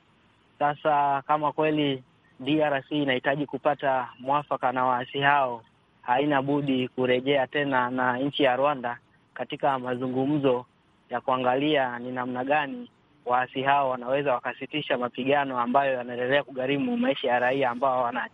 Sasa kama kweli DRC inahitaji kupata mwafaka na waasi hao, haina budi kurejea tena na nchi ya Rwanda katika mazungumzo ya kuangalia ni namna gani waasi hao wanaweza wakasitisha mapigano ambayo yanaendelea kugharimu maisha ya raia ambao hawana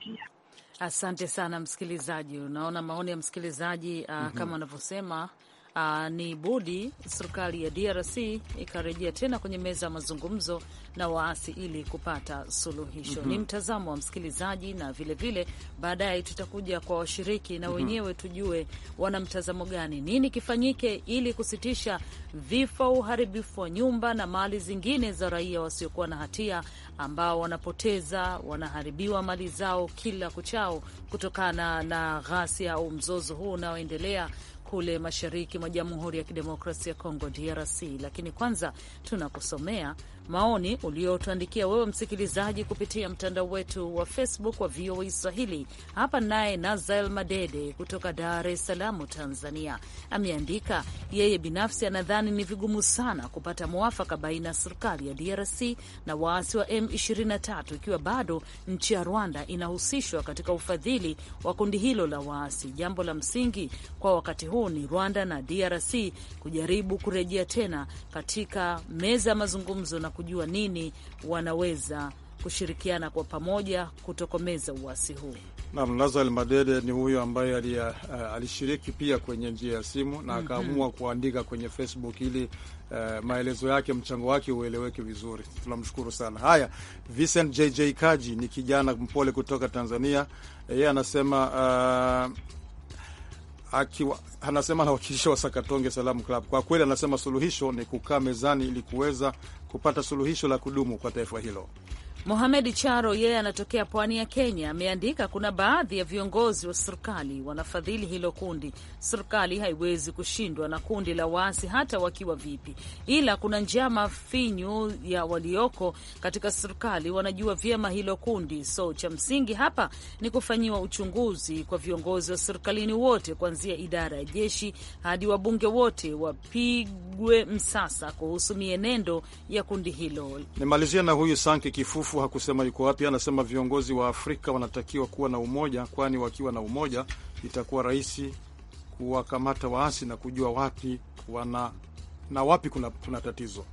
Asante sana msikilizaji. Unaona maoni ya msikilizaji uh, mm -hmm. kama wanavyosema uh, ni budi serikali ya DRC ikarejea tena kwenye meza ya mazungumzo na waasi ili kupata suluhisho. mm -hmm. Ni mtazamo wa msikilizaji, na vilevile baadaye tutakuja kwa washiriki na mhm. wenyewe mm -hmm. tujue wana mtazamo gani, nini kifanyike ili kusitisha vifo, uharibifu wa nyumba na mali zingine za raia wasiokuwa na hatia ambao wanapoteza, wanaharibiwa mali zao kila kuchao kutokana na ghasia au mzozo huu unaoendelea kule mashariki mwa Jamhuri ya Kidemokrasia ya Kongo, DRC. Lakini kwanza tunakusomea maoni uliotuandikia wewe msikilizaji kupitia mtandao wetu wa Facebook wa VOA Swahili. Hapa naye Nazael Madede kutoka Dar es Salaam, Tanzania, ameandika yeye binafsi anadhani ni vigumu sana kupata mwafaka baina ya serikali ya DRC na waasi wa M23 ikiwa bado nchi ya Rwanda inahusishwa katika ufadhili wa kundi hilo la waasi. Jambo la msingi kwa wakati huu ni Rwanda na DRC kujaribu kurejea tena katika meza ya mazungumzo na kujua nini wanaweza kushirikiana kwa pamoja kutokomeza uasi huu. Naam, Lazal Madede ni huyo ambaye alishiriki uh, eh, alishiriki pia kwenye njia ya simu na mhm. akaamua mm -hmm. kuandika kwenye Facebook ili uh, maelezo yake, mchango wake ueleweke vizuri. Tunamshukuru sana. Haya, Vincent JJ Kaji ni kijana mpole kutoka Tanzania. Yeye anasema uh, Akiwa, anasema anawakilisha Wasakatonge Salamu Club. Kwa kweli, anasema suluhisho ni kukaa mezani ili kuweza kupata suluhisho la kudumu kwa taifa hilo. Mohamed Charo yeye anatokea pwani ya Kenya, ameandika kuna baadhi ya viongozi wa serikali wanafadhili hilo kundi. Serikali haiwezi kushindwa na kundi la waasi hata wakiwa vipi, ila kuna njama finyu ya walioko katika serikali, wanajua vyema hilo kundi. So cha msingi hapa ni kufanyiwa uchunguzi kwa viongozi wa serikalini wote, kuanzia idara ya jeshi hadi wabunge wote, wapigwe msasa kuhusu mienendo ya kundi hilo. Nimalizia na huyu Sanki Kifufu mrefu, hakusema yuko wapi. Anasema viongozi wa Afrika wanatakiwa kuwa na umoja, kwani wakiwa na umoja itakuwa rahisi kuwakamata waasi na kujua wapi wana na wapi kuna tuna tatizo.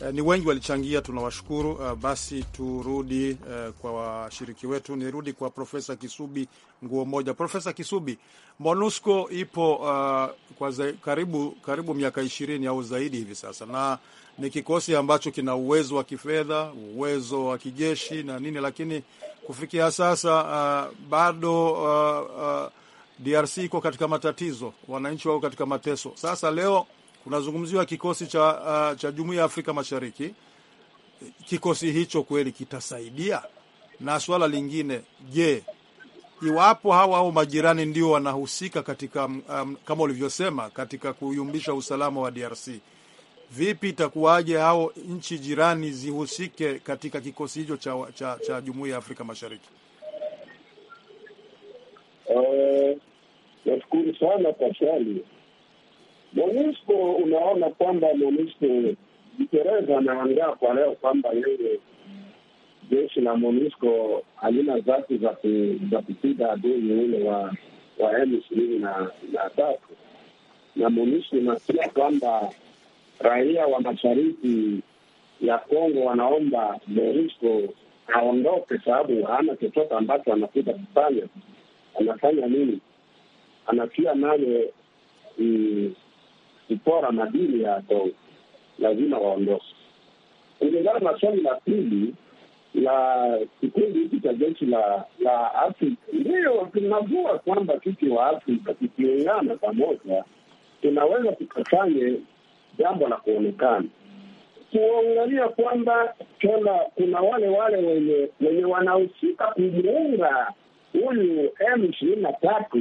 E, ni wengi walichangia, tunawashukuru. Uh, basi turudi uh, kwa washiriki wetu. Nirudi kwa Profesa Kisubi nguo moja. Profesa Kisubi, MONUSCO ipo uh, kwa za, karibu, karibu miaka ishirini au zaidi hivi sasa, na ni kikosi ambacho kina uwezo wa kifedha, uwezo wa kijeshi na nini, lakini kufikia sasa uh, bado uh, uh, DRC iko katika matatizo, wananchi wao katika mateso. Sasa leo kunazungumziwa kikosi cha, uh, cha Jumuiya ya Afrika Mashariki. Kikosi hicho kweli kitasaidia? Na swala lingine, je, iwapo hawa au majirani ndio wanahusika katika um, um kama ulivyosema katika kuyumbisha usalama wa DRC Vipi itakuwaje hao nchi jirani zihusike katika kikosi hicho cha, cha, cha Jumuiya ya Afrika Mashariki? Eh, nashukuru uh, sana kwa swali. MONUSCO, unaona kwamba MONUSCO Uingereza anaangaa kwa leo kwamba yeye jeshi la MONUSCO halina zati za kupiga adui ule wa wa M ishirini na tatu na MONUSCO inasikia kwamba raia wa mashariki ya Kongo wanaomba Monisco aondoke, sababu hana chochote ambacho anakuja kufanya. Anafanya nini? Anatia naye mm, kupora madini ya Kongo, lazima waondoke. Kulingana na swali la pili la kikundi hiki cha jeshi la la Afrika, ndiyo tunavua kwamba sisi wa Afrika tukiungana pamoja tunaweza tukafanye jambo la kuonekana. Tuangalia kwamba tena kuna wale wale wenye wenye wanahusika kumuunga huyu M ishirini na tatu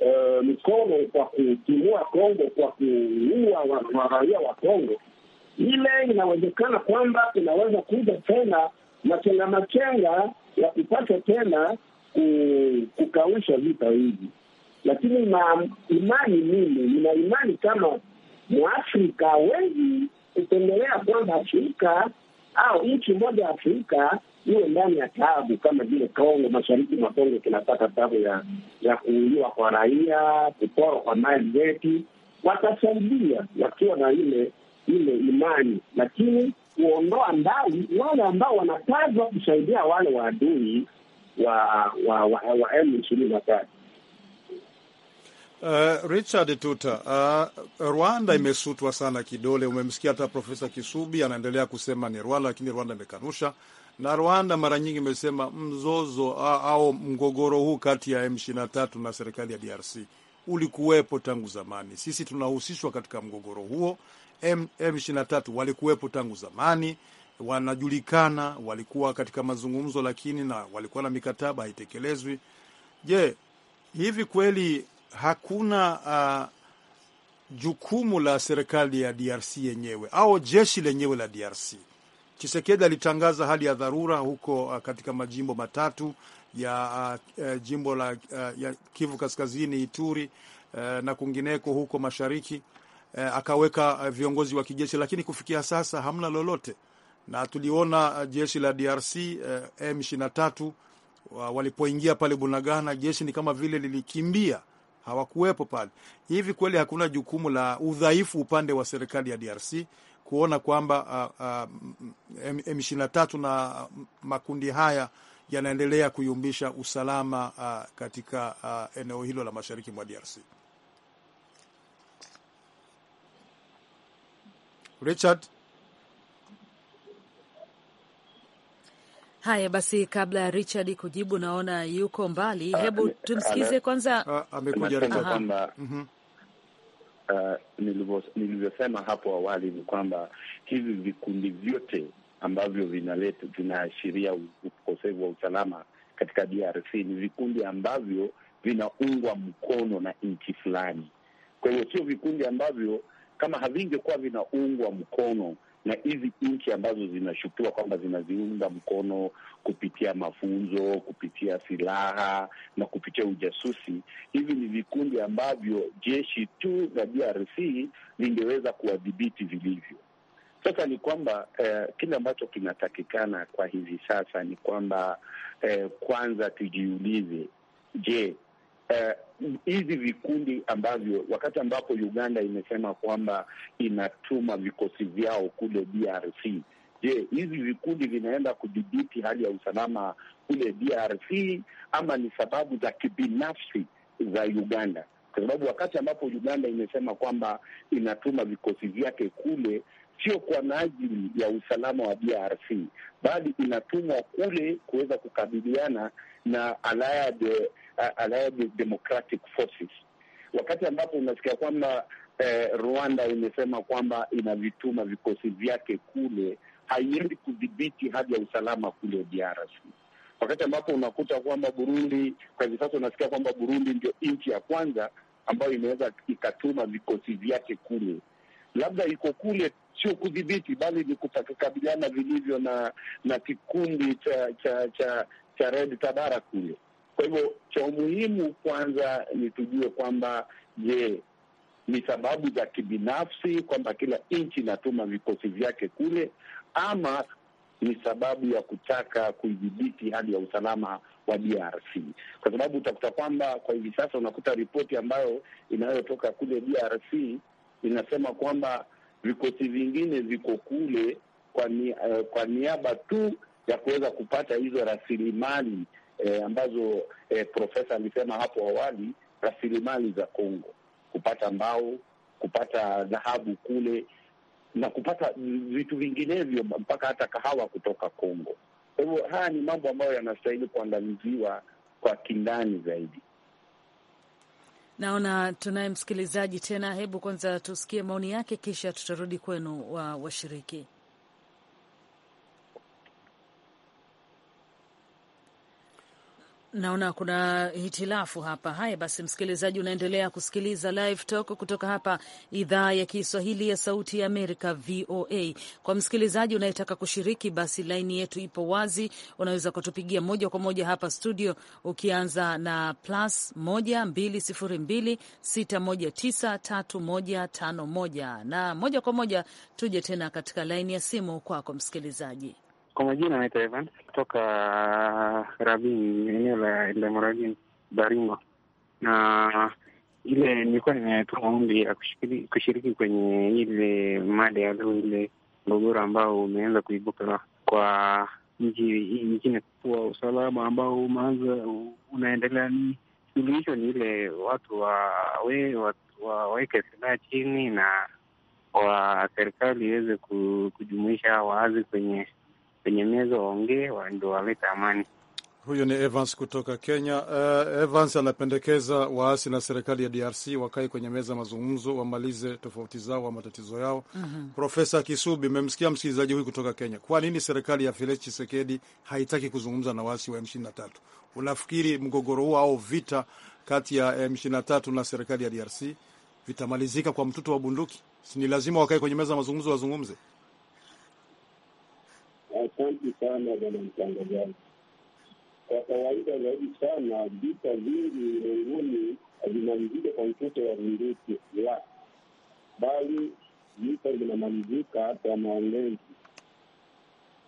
eh, mkono kwa kutimua Kongo kwa kuua waraia wa Kongo. Ile inawezekana kwamba inaweza kuja tena machenga machenga ya kupata tena kukausha vita hivi, lakini na imani mimi nina imani kama Mwafrika hawezi kupendelea kwamba Afrika au nchi moja ya Afrika iwe ndani ya tabu kama vile Kongo, mashariki mwa Kongo kinapata tabu ya ya kuuliwa kwa raia, kuporwa kwa mali zetu. Watasaidia wakiwa na ile ile imani, lakini kuondoa mbali wale ambao wanatazwa kusaidia wale waadui wa wa wa M ishirini na tatu. Uh, Richard Tuta, uh, Rwanda imesutwa sana kidole. Umemsikia hata Profesa Kisubi anaendelea kusema ni Rwanda, lakini Rwanda imekanusha, na Rwanda mara nyingi imesema mzozo uh, au mgogoro huu kati ya M23 na serikali ya DRC ulikuwepo tangu zamani. Sisi tunahusishwa katika mgogoro huo. M, M23 walikuwepo tangu zamani, wanajulikana, walikuwa katika mazungumzo, lakini na walikuwa na mikataba haitekelezwi. Je, hivi kweli hakuna uh, jukumu la serikali ya DRC yenyewe au jeshi lenyewe la DRC. Chisekedi alitangaza hali ya dharura huko uh, katika majimbo matatu ya uh, jimbo la uh, ya Kivu Kaskazini, Ituri uh, na kwingineko huko mashariki uh, akaweka uh, viongozi wa kijeshi, lakini kufikia sasa hamna lolote, na tuliona uh, jeshi la DRC uh, M23 uh, walipoingia pale Bunagana, jeshi ni kama vile lilikimbia hawakuwepo pale. Hivi kweli hakuna jukumu la udhaifu upande wa serikali ya DRC kuona kwamba M23 uh, uh, na makundi haya yanaendelea kuyumbisha usalama uh, katika uh, eneo hilo la mashariki mwa DRC. Richard Haya basi, kabla ya Richard kujibu, naona yuko mbali, ah, hebu tumsikize kwanza. Ah, amekuja kwamba mhm. ah, nilivyosema hapo awali ni kwamba hivi vikundi vyote ambavyo vinaleta vinaashiria ukosefu wa usalama katika DRC ni vikundi ambavyo vinaungwa mkono na nchi fulani. Kwa hiyo sio vikundi ambavyo kama havingekuwa vinaungwa mkono na hizi nchi ambazo zinashukiwa kwamba zinaziunga mkono kupitia mafunzo, kupitia silaha na kupitia ujasusi. Hivi ni vikundi ambavyo jeshi tu la DRC lingeweza kuwadhibiti vilivyo. Sasa ni kwamba eh, kile ambacho kinatakikana kwa hivi sasa ni kwamba eh, kwanza tujiulize, je, Eh, hizi uh, vikundi ambavyo wakati ambapo Uganda imesema kwamba inatuma vikosi vyao kule DRC. Je, hizi vikundi vinaenda kudhibiti hali ya usalama kule DRC ama ni sababu za kibinafsi za Uganda? Kwa sababu wakati ambapo Uganda imesema kwamba inatuma vikosi vyake kule sio kwa ajili ya usalama wa DRC bali inatumwa kule kuweza kukabiliana na allied eh, allied democratic forces, wakati ambapo unasikia kwamba eh, Rwanda imesema kwamba inavituma vikosi vyake kule, haiendi kudhibiti hali ya usalama kule DRC wakati ambapo unakuta kwamba Burundi kwa hivi sasa unasikia kwamba Burundi ndio nchi ya kwanza ambayo inaweza ikatuma vikosi vyake kule, labda iko kule sio kudhibiti, bali ni kukabiliana vilivyo na na kikundi cha cha cha cha Red Tabara kule. Kwa hivyo cha umuhimu kwanza ni tujue kwamba je, ni sababu za kibinafsi kwamba kila nchi inatuma vikosi vyake kule, ama ni sababu ya kutaka kuidhibiti hali ya usalama wa DRC, kwa sababu utakuta kwamba kwa hivi sasa unakuta ripoti ambayo inayotoka kule DRC inasema kwamba vikosi vingine viko kule kwa, ni, uh, kwa niaba tu ya kuweza kupata hizo rasilimali e, ambazo e, profesa alisema hapo awali, rasilimali za Kongo, kupata mbao, kupata dhahabu kule na kupata vitu vinginevyo, mpaka hata kahawa kutoka Kongo. Kwa hivyo haya ni mambo ambayo yanastahili kuandaliziwa kwa kindani zaidi. Naona tunaye msikilizaji tena, hebu kwanza tusikie maoni yake, kisha tutarudi kwenu wa washiriki Naona kuna hitilafu hapa. Haya basi, msikilizaji, unaendelea kusikiliza Live Talk kutoka hapa idhaa ya Kiswahili ya Sauti ya Amerika, VOA. Kwa msikilizaji unayetaka kushiriki, basi laini yetu ipo wazi, unaweza kutupigia moja kwa moja hapa studio, ukianza na plus 12026193151 na moja kwa moja tuje tena katika laini ya simu kwako, msikilizaji. Kwa majina anaitwa Evan kutoka Rabini, eneo la Lemorabin Baringo, na ile nilikuwa nimetoa maombi ya kushiriki kwenye ile mada ya leo, ile mgogoro ambao umeanza kuibuka kwa nchi nyingine kuwa usalama ambao umeanza unaendelea. Ni suluhisho ni ile watu wawe waweke silaha chini na wa serikali iweze kujumuisha waazi kwenye penye meza waongee, ndio walete amani. Huyu ni Evans kutoka Kenya. Uh, Evans anapendekeza waasi na serikali ya DRC wakae kwenye meza ya mazungumzo, wamalize tofauti zao wa matatizo yao. mm -hmm. Profesa Kisubi, mmemsikia msikilizaji huyu kutoka Kenya. Kwa nini serikali ya Felix Tshisekedi haitaki kuzungumza na waasi wa M23? Unafikiri mgogoro huo au vita kati ya M23 na serikali ya DRC vitamalizika kwa mtuto wa bunduki? Si ni lazima wakae kwenye meza mazungumzo, wazungumze? Asante sana bwana mtangazaji. Kwa kawaida zaidi sana vita vingi ulimwenguni havimalizika kwa mtoto wa bunduki la, bali vita vinamalizika hata maongezi.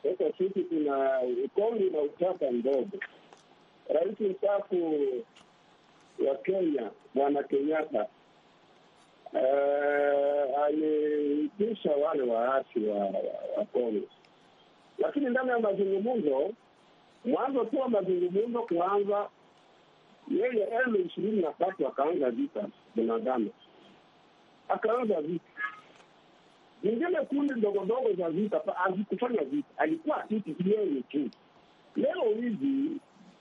Sasa sisi tuna ukongi na utata ndogo Rais mstaafu wa Kenya bwana Kenyatta eh, aliitisha wale waasi wa Kongo lakini ndani ya mazungumzo, mwanzo tu wa mazungumzo kuanza, yeye elfu ishirini na tatu akaanza vita binadamu, akaanza vita zingine, kundi ndogo ndogo za vita hazikufanya vita, alikuwa kitu yeye tu. Leo hivi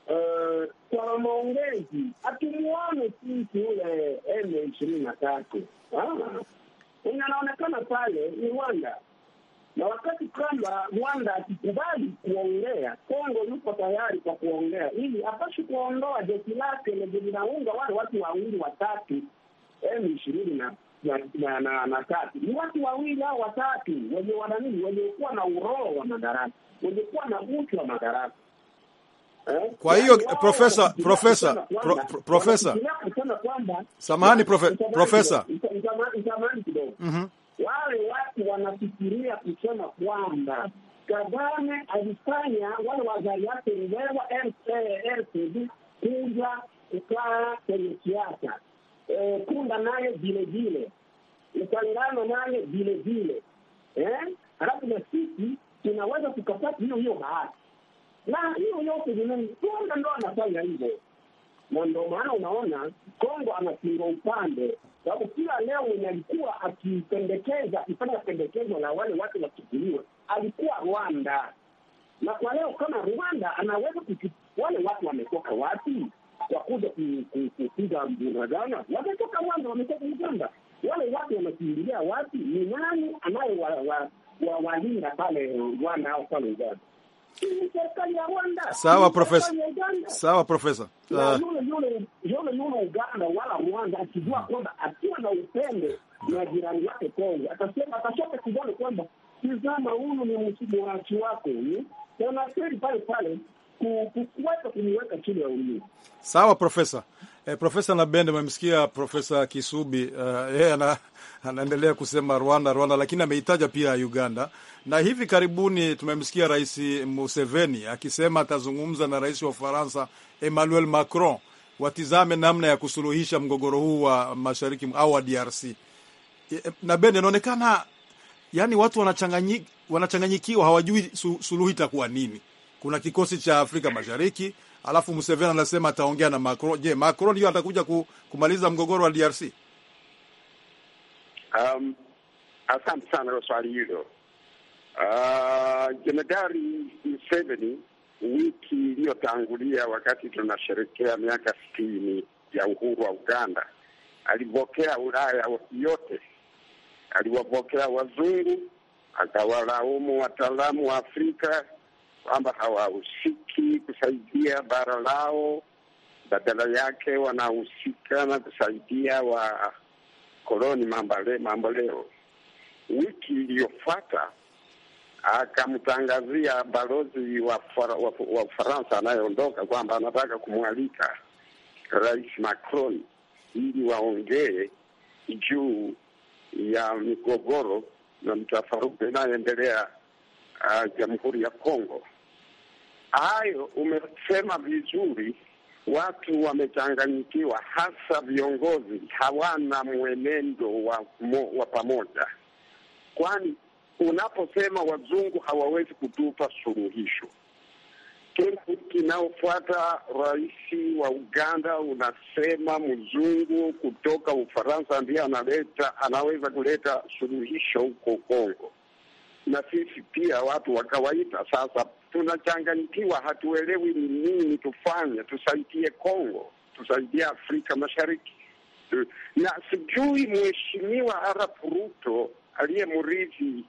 Uh, kwa maongezi atumuone sisi ule elfu ishirini na tatu ah, wenye anaonekana pale ni Rwanda na wakati kama Rwanda akikubali kuongea, Kongo yuko tayari kwa kuongea, ili apashi kuondoa jeshi lake lenye linaunga wale watu wawili watatu m ishirini na na na na tatu ni watu wawili au watatu wenye wananini wenye na uroho wa madaraka wenye kuwa na uchu wa madaraka. Eh? Kwa hiyo profesa, profesa, profesa, samahani profesa, samahani kidogo, mhm. wale wanafikiria kusema kwamba Kagame alifanya wale wazari wake ngewa RCD kuja kukaa kwenye siasa. E, kunda naye vilevile vile, naye vilevile vile, e, na sisi tunaweza tukapata hiyo hiyo bahati, na hiyo yote vinini Kunda ndo anafanya hivyo, na ndio maana unaona Kongo anakinga upande sababu kila leo mwenye alikuwa akipendekeza akifanya pendekezo la wale watu wachukuliwe alikuwa Rwanda, na kwa leo kama Rwanda anaweza kuchu, wale watu wametoka wapi kwa kuja kupiga mburagana? Wametoka Rwanda, wametoka Uganda. Wale watu wamekimbilia wapi? Ni nani anayewalinda pale Rwanda au pale Uganda? ni serikali ya Rwanda, sawa profesa, sawa profesa. Uh, yule yule Uganda wala Rwanda akijua kwamba akiwa na upendo na jirani yake Kongo atasema, atashota kidole kwamba tizama, huyu ni mwachi wako anaseri hmm? pale pale kuweza kumuweka chini ya ulinzi. Sawa profesa. E, Profesa Nabende, umemsikia Profesa Kisubi eh, yeye, uh, anaendelea kusema Rwanda Rwanda, lakini ameitaja pia Uganda, na hivi karibuni tumemsikia Rais Museveni akisema atazungumza na rais wa Ufaransa Emmanuel Macron watizame namna ya kusuluhisha mgogoro huu wa mashariki au wa DRC. Eh, Nabende, inaonekana yani watu wanachanganyikiwa, wanachanganyikiwa hawajui suluhu itakuwa nini. Kuna kikosi cha Afrika Mashariki alafu Museveni anasema ataongea na Macron. Je, Macron hiyo atakuja kumaliza mgogoro wa DRC? Um, asante sana kwa swali hilo. Uh, jemedari Museveni wiki iliyotangulia, wakati tunasherekea miaka sitini ya uhuru wa Uganda, alipokea Ulaya yote, aliwapokea wazungu, akawalaumu wataalamu wa Afrika kwamba hawahusiki kusaidia bara lao, badala yake wanahusika na kusaidia wakoloni mamboleo. Wiki iliyofuata akamtangazia balozi wa Ufaransa anayeondoka kwamba anataka kumwalika Rais Macron ili waongee juu ya migogoro na mtafaruku inayoendelea uh, Jamhuri ya Kongo. Hayo umesema vizuri, watu wamechanganyikiwa, hasa viongozi hawana mwenendo wa, mo, wa pamoja, kwani unaposema wazungu hawawezi kutupa suluhisho kila wiki inayofuata, rais wa Uganda unasema mzungu kutoka Ufaransa ndiye analeta anaweza kuleta suluhisho huko Kongo, na sisi pia watu wa kawaida sasa tunachanganyikiwa, hatuelewi ni nini tufanye. Tusaidie Kongo, tusaidie Afrika Mashariki na sijui mheshimiwa Arap Ruto aliyemrithi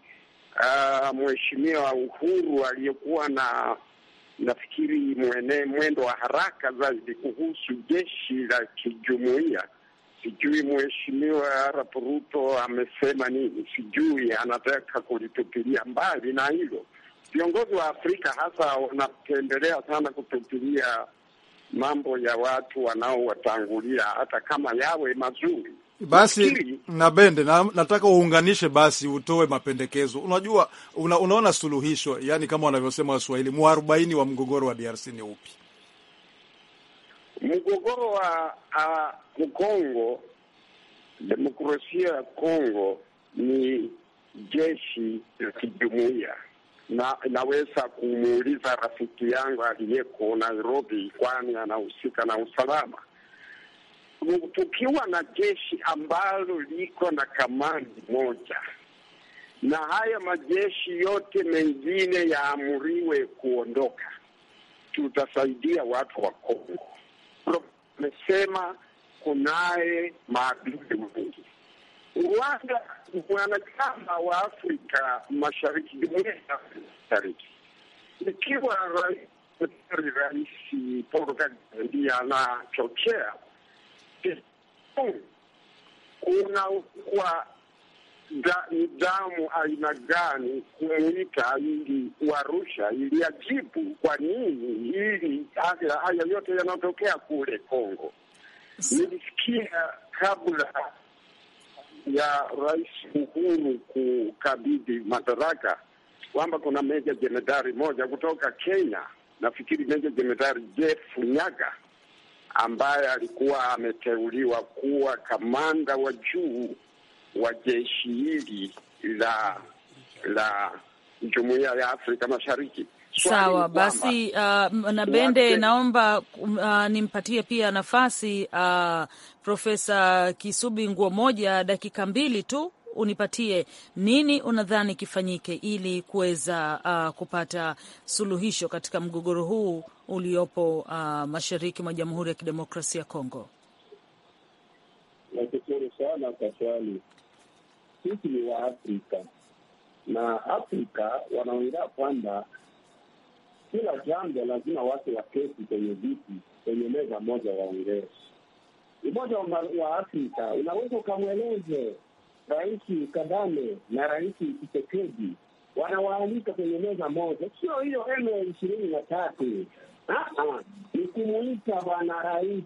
uh, mheshimiwa Uhuru aliyekuwa na nafikiri mwene mwendo wa haraka zaidi kuhusu jeshi la kijumuia Sijui mheshimiwa Arap Ruto amesema nini, sijui anataka kulitupilia mbali na hilo, viongozi wa Afrika hasa wanapendelea sana kutupilia mambo ya watu wanaowatangulia hata kama yawe mazuri. Basi na bende na, nataka uunganishe basi, utoe mapendekezo. Unajua una, unaona suluhisho, yani kama wanavyosema Waswahili, mwarobaini wa mgogoro wa DRC ni upi? Mgogoro wa Kongo, demokrasia ya Kongo ni jeshi la kijumuiya na naweza kumuuliza rafiki yangu aliyeko Nairobi, kwani anahusika na usalama. Tukiwa na jeshi ambalo liko na kamandi moja na haya majeshi yote mengine yaamuriwe kuondoka, tutasaidia watu wa Kongo. Amesema kunaye maadui wengi Rwanda mwanachama wa Afrika Mashariki, jumuiya ya Afrika Mashariki, ikiwa Rais Paul Kagame ndiye anachochea kwa damu aina gani kumwita ili warusha ili ajibu kwa nini ili haya yote yanatokea kule Kongo. Nilisikia kabla ya Rais Uhuru kukabidhi madaraka kwamba kuna meja jemedari moja kutoka Kenya, nafikiri meja jemedari Jeff Nyaga ambaye alikuwa ameteuliwa kuwa kamanda wa juu wa jeshi hili la la Jumuiya ya Afrika Mashariki. Sawa basi, uh, na Bende, naomba um, uh, nimpatie pia nafasi uh, Profesa Kisubi nguo moja, dakika mbili tu unipatie nini unadhani kifanyike ili kuweza uh, kupata suluhisho katika mgogoro huu uliopo uh, mashariki mwa Jamhuri ya Kidemokrasia ya Kongo. Nashukuru sana kwa swali. Sisi ni Waafrika na Afrika wanaongea kwamba kila jambo lazima watu waketi kwenye viti, kwenye meza moja waongee. Umoja wa Afrika unaweza ukamweleze Rais Kagame na Rais Tshisekedi, wanawaalika kwenye meza moja, sio hiyo M ishirini na tatu ah-, ah, ni kumuita bwana Rais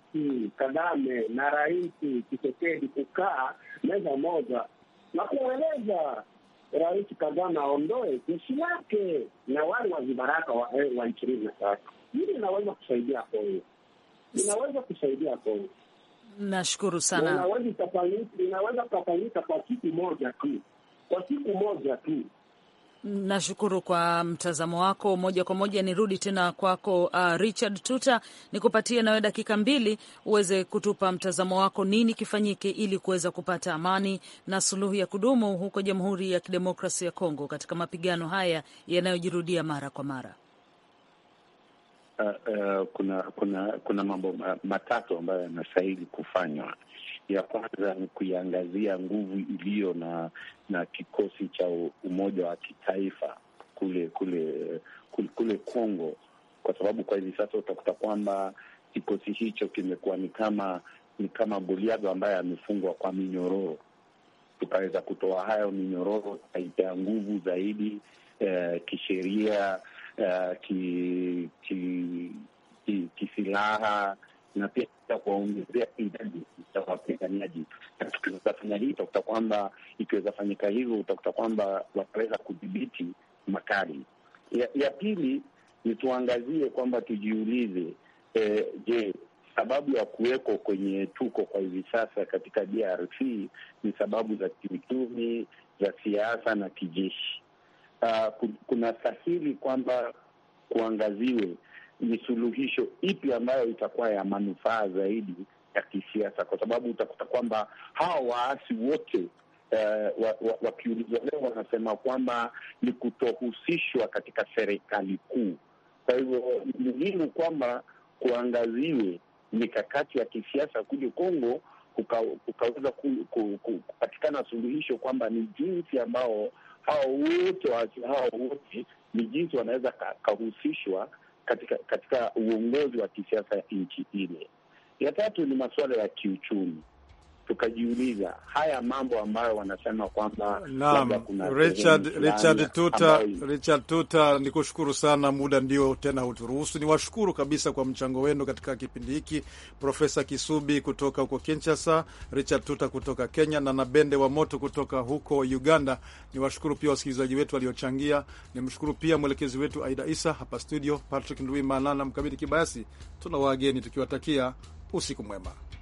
Kagame na Rais Tshisekedi kukaa meza moja na kueleza rais Kagame aondoe jeshi lake na wale wa vibaraka wa, eh, wa ishirini na tatu. Hili inaweza kusaidia Kongo, inaweza kusaidia Kongo. Nashukuru sana. Inaweza kukafanyika kwa siku moja tu, kwa siku moja tu Nashukuru kwa mtazamo wako moja kwa moja. Nirudi tena kwako, uh, Richard Tuta, nikupatie nawe dakika mbili uweze kutupa mtazamo wako, nini kifanyike ili kuweza kupata amani na suluhu ya kudumu huko Jamhuri ya Kidemokrasia ya Kongo katika mapigano haya yanayojirudia mara kwa mara. Uh, uh, kuna kuna kuna mambo matatu ambayo yanastahili kufanywa. Ya kwanza ni kuiangazia nguvu iliyo na na kikosi cha umoja wa kitaifa kule kule kule, kule Kongo, kwa sababu kwa hivi sasa utakuta kwamba kikosi hicho kimekuwa ni kama ni kama Goliathi ambaye amefungwa kwa minyororo. Tukaweza kutoa hayo minyororo, tukaipea nguvu zaidi eh, kisheria eh, ki, ki, ki, kisilaha na pia na kuwaongezea idadi ya wapiganiaji. Na hii, utakuta kwamba ikiweza fanyika hivyo, utakuta kwamba wataweza kudhibiti makali. Ya, ya pili ni tuangazie kwamba tujiulize, eh, je, sababu ya kuweko kwenye tuko kwa hivi sasa katika DRC ni sababu za kiuchumi, za siasa na kijeshi. Uh, kuna stahili kwamba kuangaziwe ni suluhisho ipi ambayo itakuwa ya manufaa zaidi ya kisiasa, kwa sababu utakuta kwamba hawa waasi wote Uh, eh, wakiulizwa wa, wa leo wanasema kwamba ni kutohusishwa katika serikali kuu. Kwa hivyo ni muhimu kwamba kuangaziwe mikakati ya kisiasa kule Kongo, kukaweza kupatikana suluhisho kwamba ni jinsi ambao hao wote waasi hao wote ni jinsi wanaweza kahusishwa katika, katika uongozi wa kisiasa nchi ile. Ya tatu ni masuala ya kiuchumi tukajiuliza haya mambo ambayo wanasema kwamba naam. Richard, Richard tuta, Richard tuta, kushukuru sana, muda ndio tena huturuhusu. Ni washukuru kabisa kwa mchango wenu katika kipindi hiki, Profesa Kisubi kutoka huko Kinshasa, Richard tuta kutoka Kenya na Nabende wa moto kutoka huko Uganda. Ni washukuru pia wasikilizaji wetu waliochangia. Nimshukuru pia mwelekezi wetu Aida Isa hapa studio, Patrick Ndwimana na Mkabidi Kibayasi. Tuna wageni tukiwatakia usiku mwema.